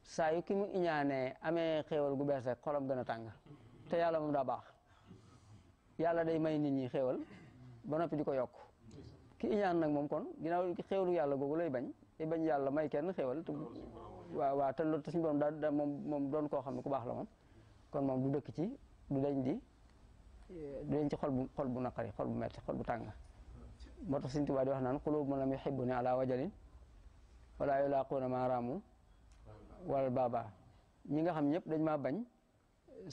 saa yu ki mu iñaanee amee xéewal gu bees rek xolam gën a tàng te yàlla moom daa baax yàlla day may nit ñi xéewal ba noppi di ko yokk ki iñaan nag moom kon ginnaaw xéewalu yàlla googu lay bañ te bañ yàlla may kenn xéewal te waaw waaw te loolu te suñu borom daa moom moom doon koo xam ne ku baax la moom kon moom du dëkk ci du dañ di du dañ ci xol bu xol bu naqari xol bu metti xol bu tàng moo tax Sëriñ Tuubaa di wax naan xulóobu man lam yuhibbuni ala wajalin wala yulaaquuna maa raamu wala baaba ñi nga xam ñëpp dañ ma bañ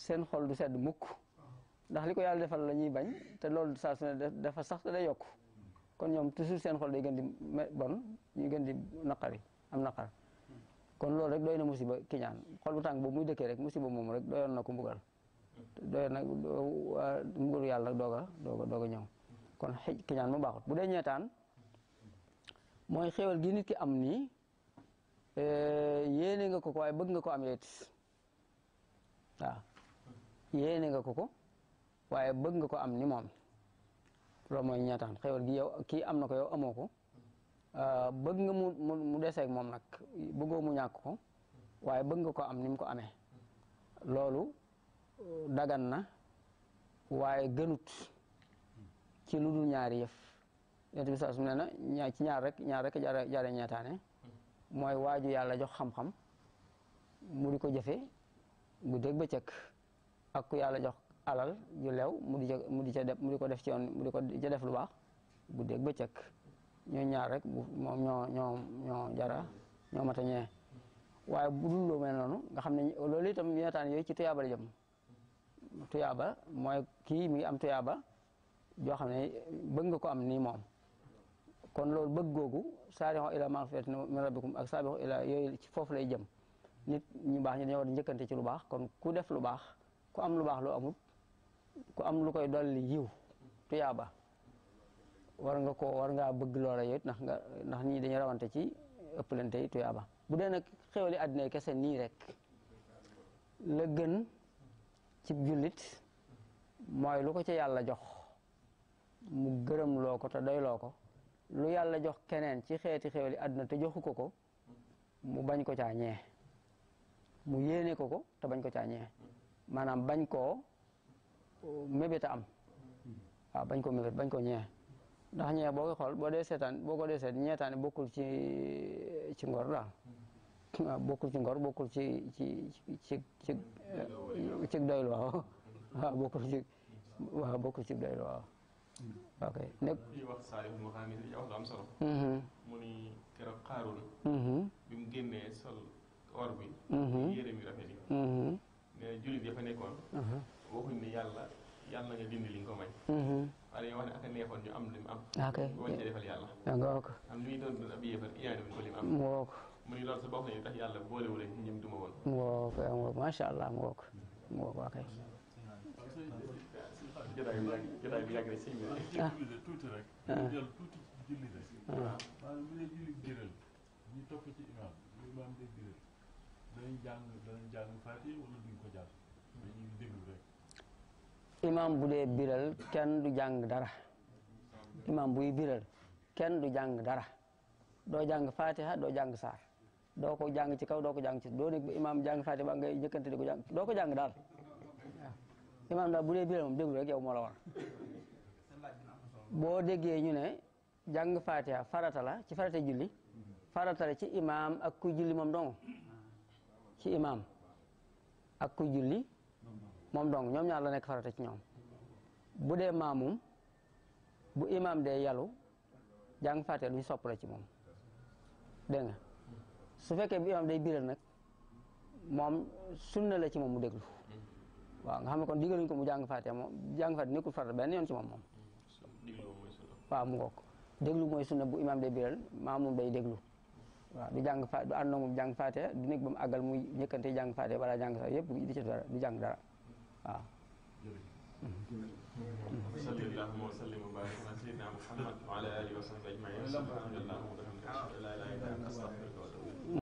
seen xol du sedd mukk ndax li ko yàlla defal la ñuy bañ te loolu saa su dafa sax te day yokku kon ñoom toujours seen xol day gën di bon ñuy gën di naqari am naqar kon loolu rek doy na musiba kiñaan xol bu tàng boobu muy dëkkee rek musiba moom rek doyoon na ko mbugal doyoon na yàlla nag doog a doog doog a ñëw kon xij kiñaan mu baaxut bu dee ñeetaan mooy xéewal gi nit ki am nii eh, yéene nga ko ko bëgg nga ko am yit waaw nga ko ko waaye bëgg nga ko am ni moom loolu mooy ñeetaan xéwal gi yow kii am na ko yow amoo euh, bëgg nga mu mu deseeg moom nag bëggoo mu ñàkk ko waaye bëgg nga ko am ni mu ko amee loolu euh, dagan na waaye gënut ci lu dul ñaari yëf yonent bi saa su ne na ñaar ci ñaar rek ñaar rek jaare ñeetaane mooy waaju yàlla jox xam-xam mu di ko jëfe guddeeg bëccëg ak ku yàlla jox alal ju lew mu di ca mu di ca def mu di ko def ci yoon mu ko ca def lu baax guddeeg bëccëg ñoo ñaar rek bu moom ñoo ñoo ñoo jara ñoo mat a ñee waaye bu dul loo noonu nga xam ne loolu itam ñeetaan yooyu ci tuyaaba la jëm tuyaaba mooy kii mi ngi am tuyaaba joo xam ne bëgg nga ko am ni moom kon loolu bëgg googu saariho ila magfiratin min rabbikum ak saabiho ila yooyu ci foofu lay jëm nit ñu baax ñi dañoo war a njëkkante ci lu baax kon ku def lu baax ku am lu baax loo amul ku am lu koy dolli yiw tuyaaba war nga ko war ngaa bëgg loola yow ndax nga ndax nit ñi dañu rawante ci ëpplante yi tuyaaba bu dee nag xéwali àddina kese nii rek la gën ci jullit mooy lu ko ci yàlla jox mu gërëm loo ko te doy loo ko lu yàlla jox keneen ci xeeti xéwali àddina te joxu ko ko mu bañ ko caa ñee mu yéene ko ko te bañ ko caa ñee maanaam bañ koo mébét a am waaw bañ ko mébét bañ ko ñee ndax ñee boo ko xool boo dee seetaan boo ko dee seet ñeetaane bokkul ci ci ngor daal waaw ci ngor bokkul ci ci ci ci ci ci ci doylu waaw ok nekk li wax Saalif mu xam ne wax lu waxuñ ne yàlla yàlla nga dindi li nga ko may. Mm-hmm. waaye dañoo wax ne ak a neexoon ñu am li mu am. ok boo ci defal yàlla. d'accord ah, am lu ñu doon doon ko mu am. mu mu ni loolu sa bokk nañu tax yàlla boolewul ak ñi duma woon. mu wokk mu wokk allah mu wokk mu wokk waa kay. jotaay yàgg rek. ñu ah. ah. jël tuuti imaam bu dee biral kenn du jàng dara imaam buy biral kenn du jàng dara doo jàng fatiha doo jàng saar doo ko jàng ci kaw doo ko jàng ci doo nekk ba ngay jëkkante di ko jàng doo ko jàng daal waaw bu dee biral moom déglu rek yow moo la war boo déggee ñu ne jàng fatiha farata la ci farata julli farata la ci imaam ak ku julli moom dong ci imaam ak ku julli moom donc ñoom ñaar la nekk farata ci ñoom bu dee maamum bu imaam dee yàllu jàng fàtte lu ñu sopp la ci moom dégg nga su fekkee bu imaam day biral nag moom sunna la ci moom mu déglu waaw nga xam ne kon digaluñ ko mu jàng fàtte moom jàng fàtte nekkul farata benn yoon moom moom waaw mu ngoog déglu mooy sunna bu imaam day biral maamum day déglu waaw du jàng fa du ànd na moom jàng fàtte du nekk ba mu àggal muy ñëkkante jàng fàtte wala jàng sax yëpp di ci dara du jàng dara waaw. jërëjëf.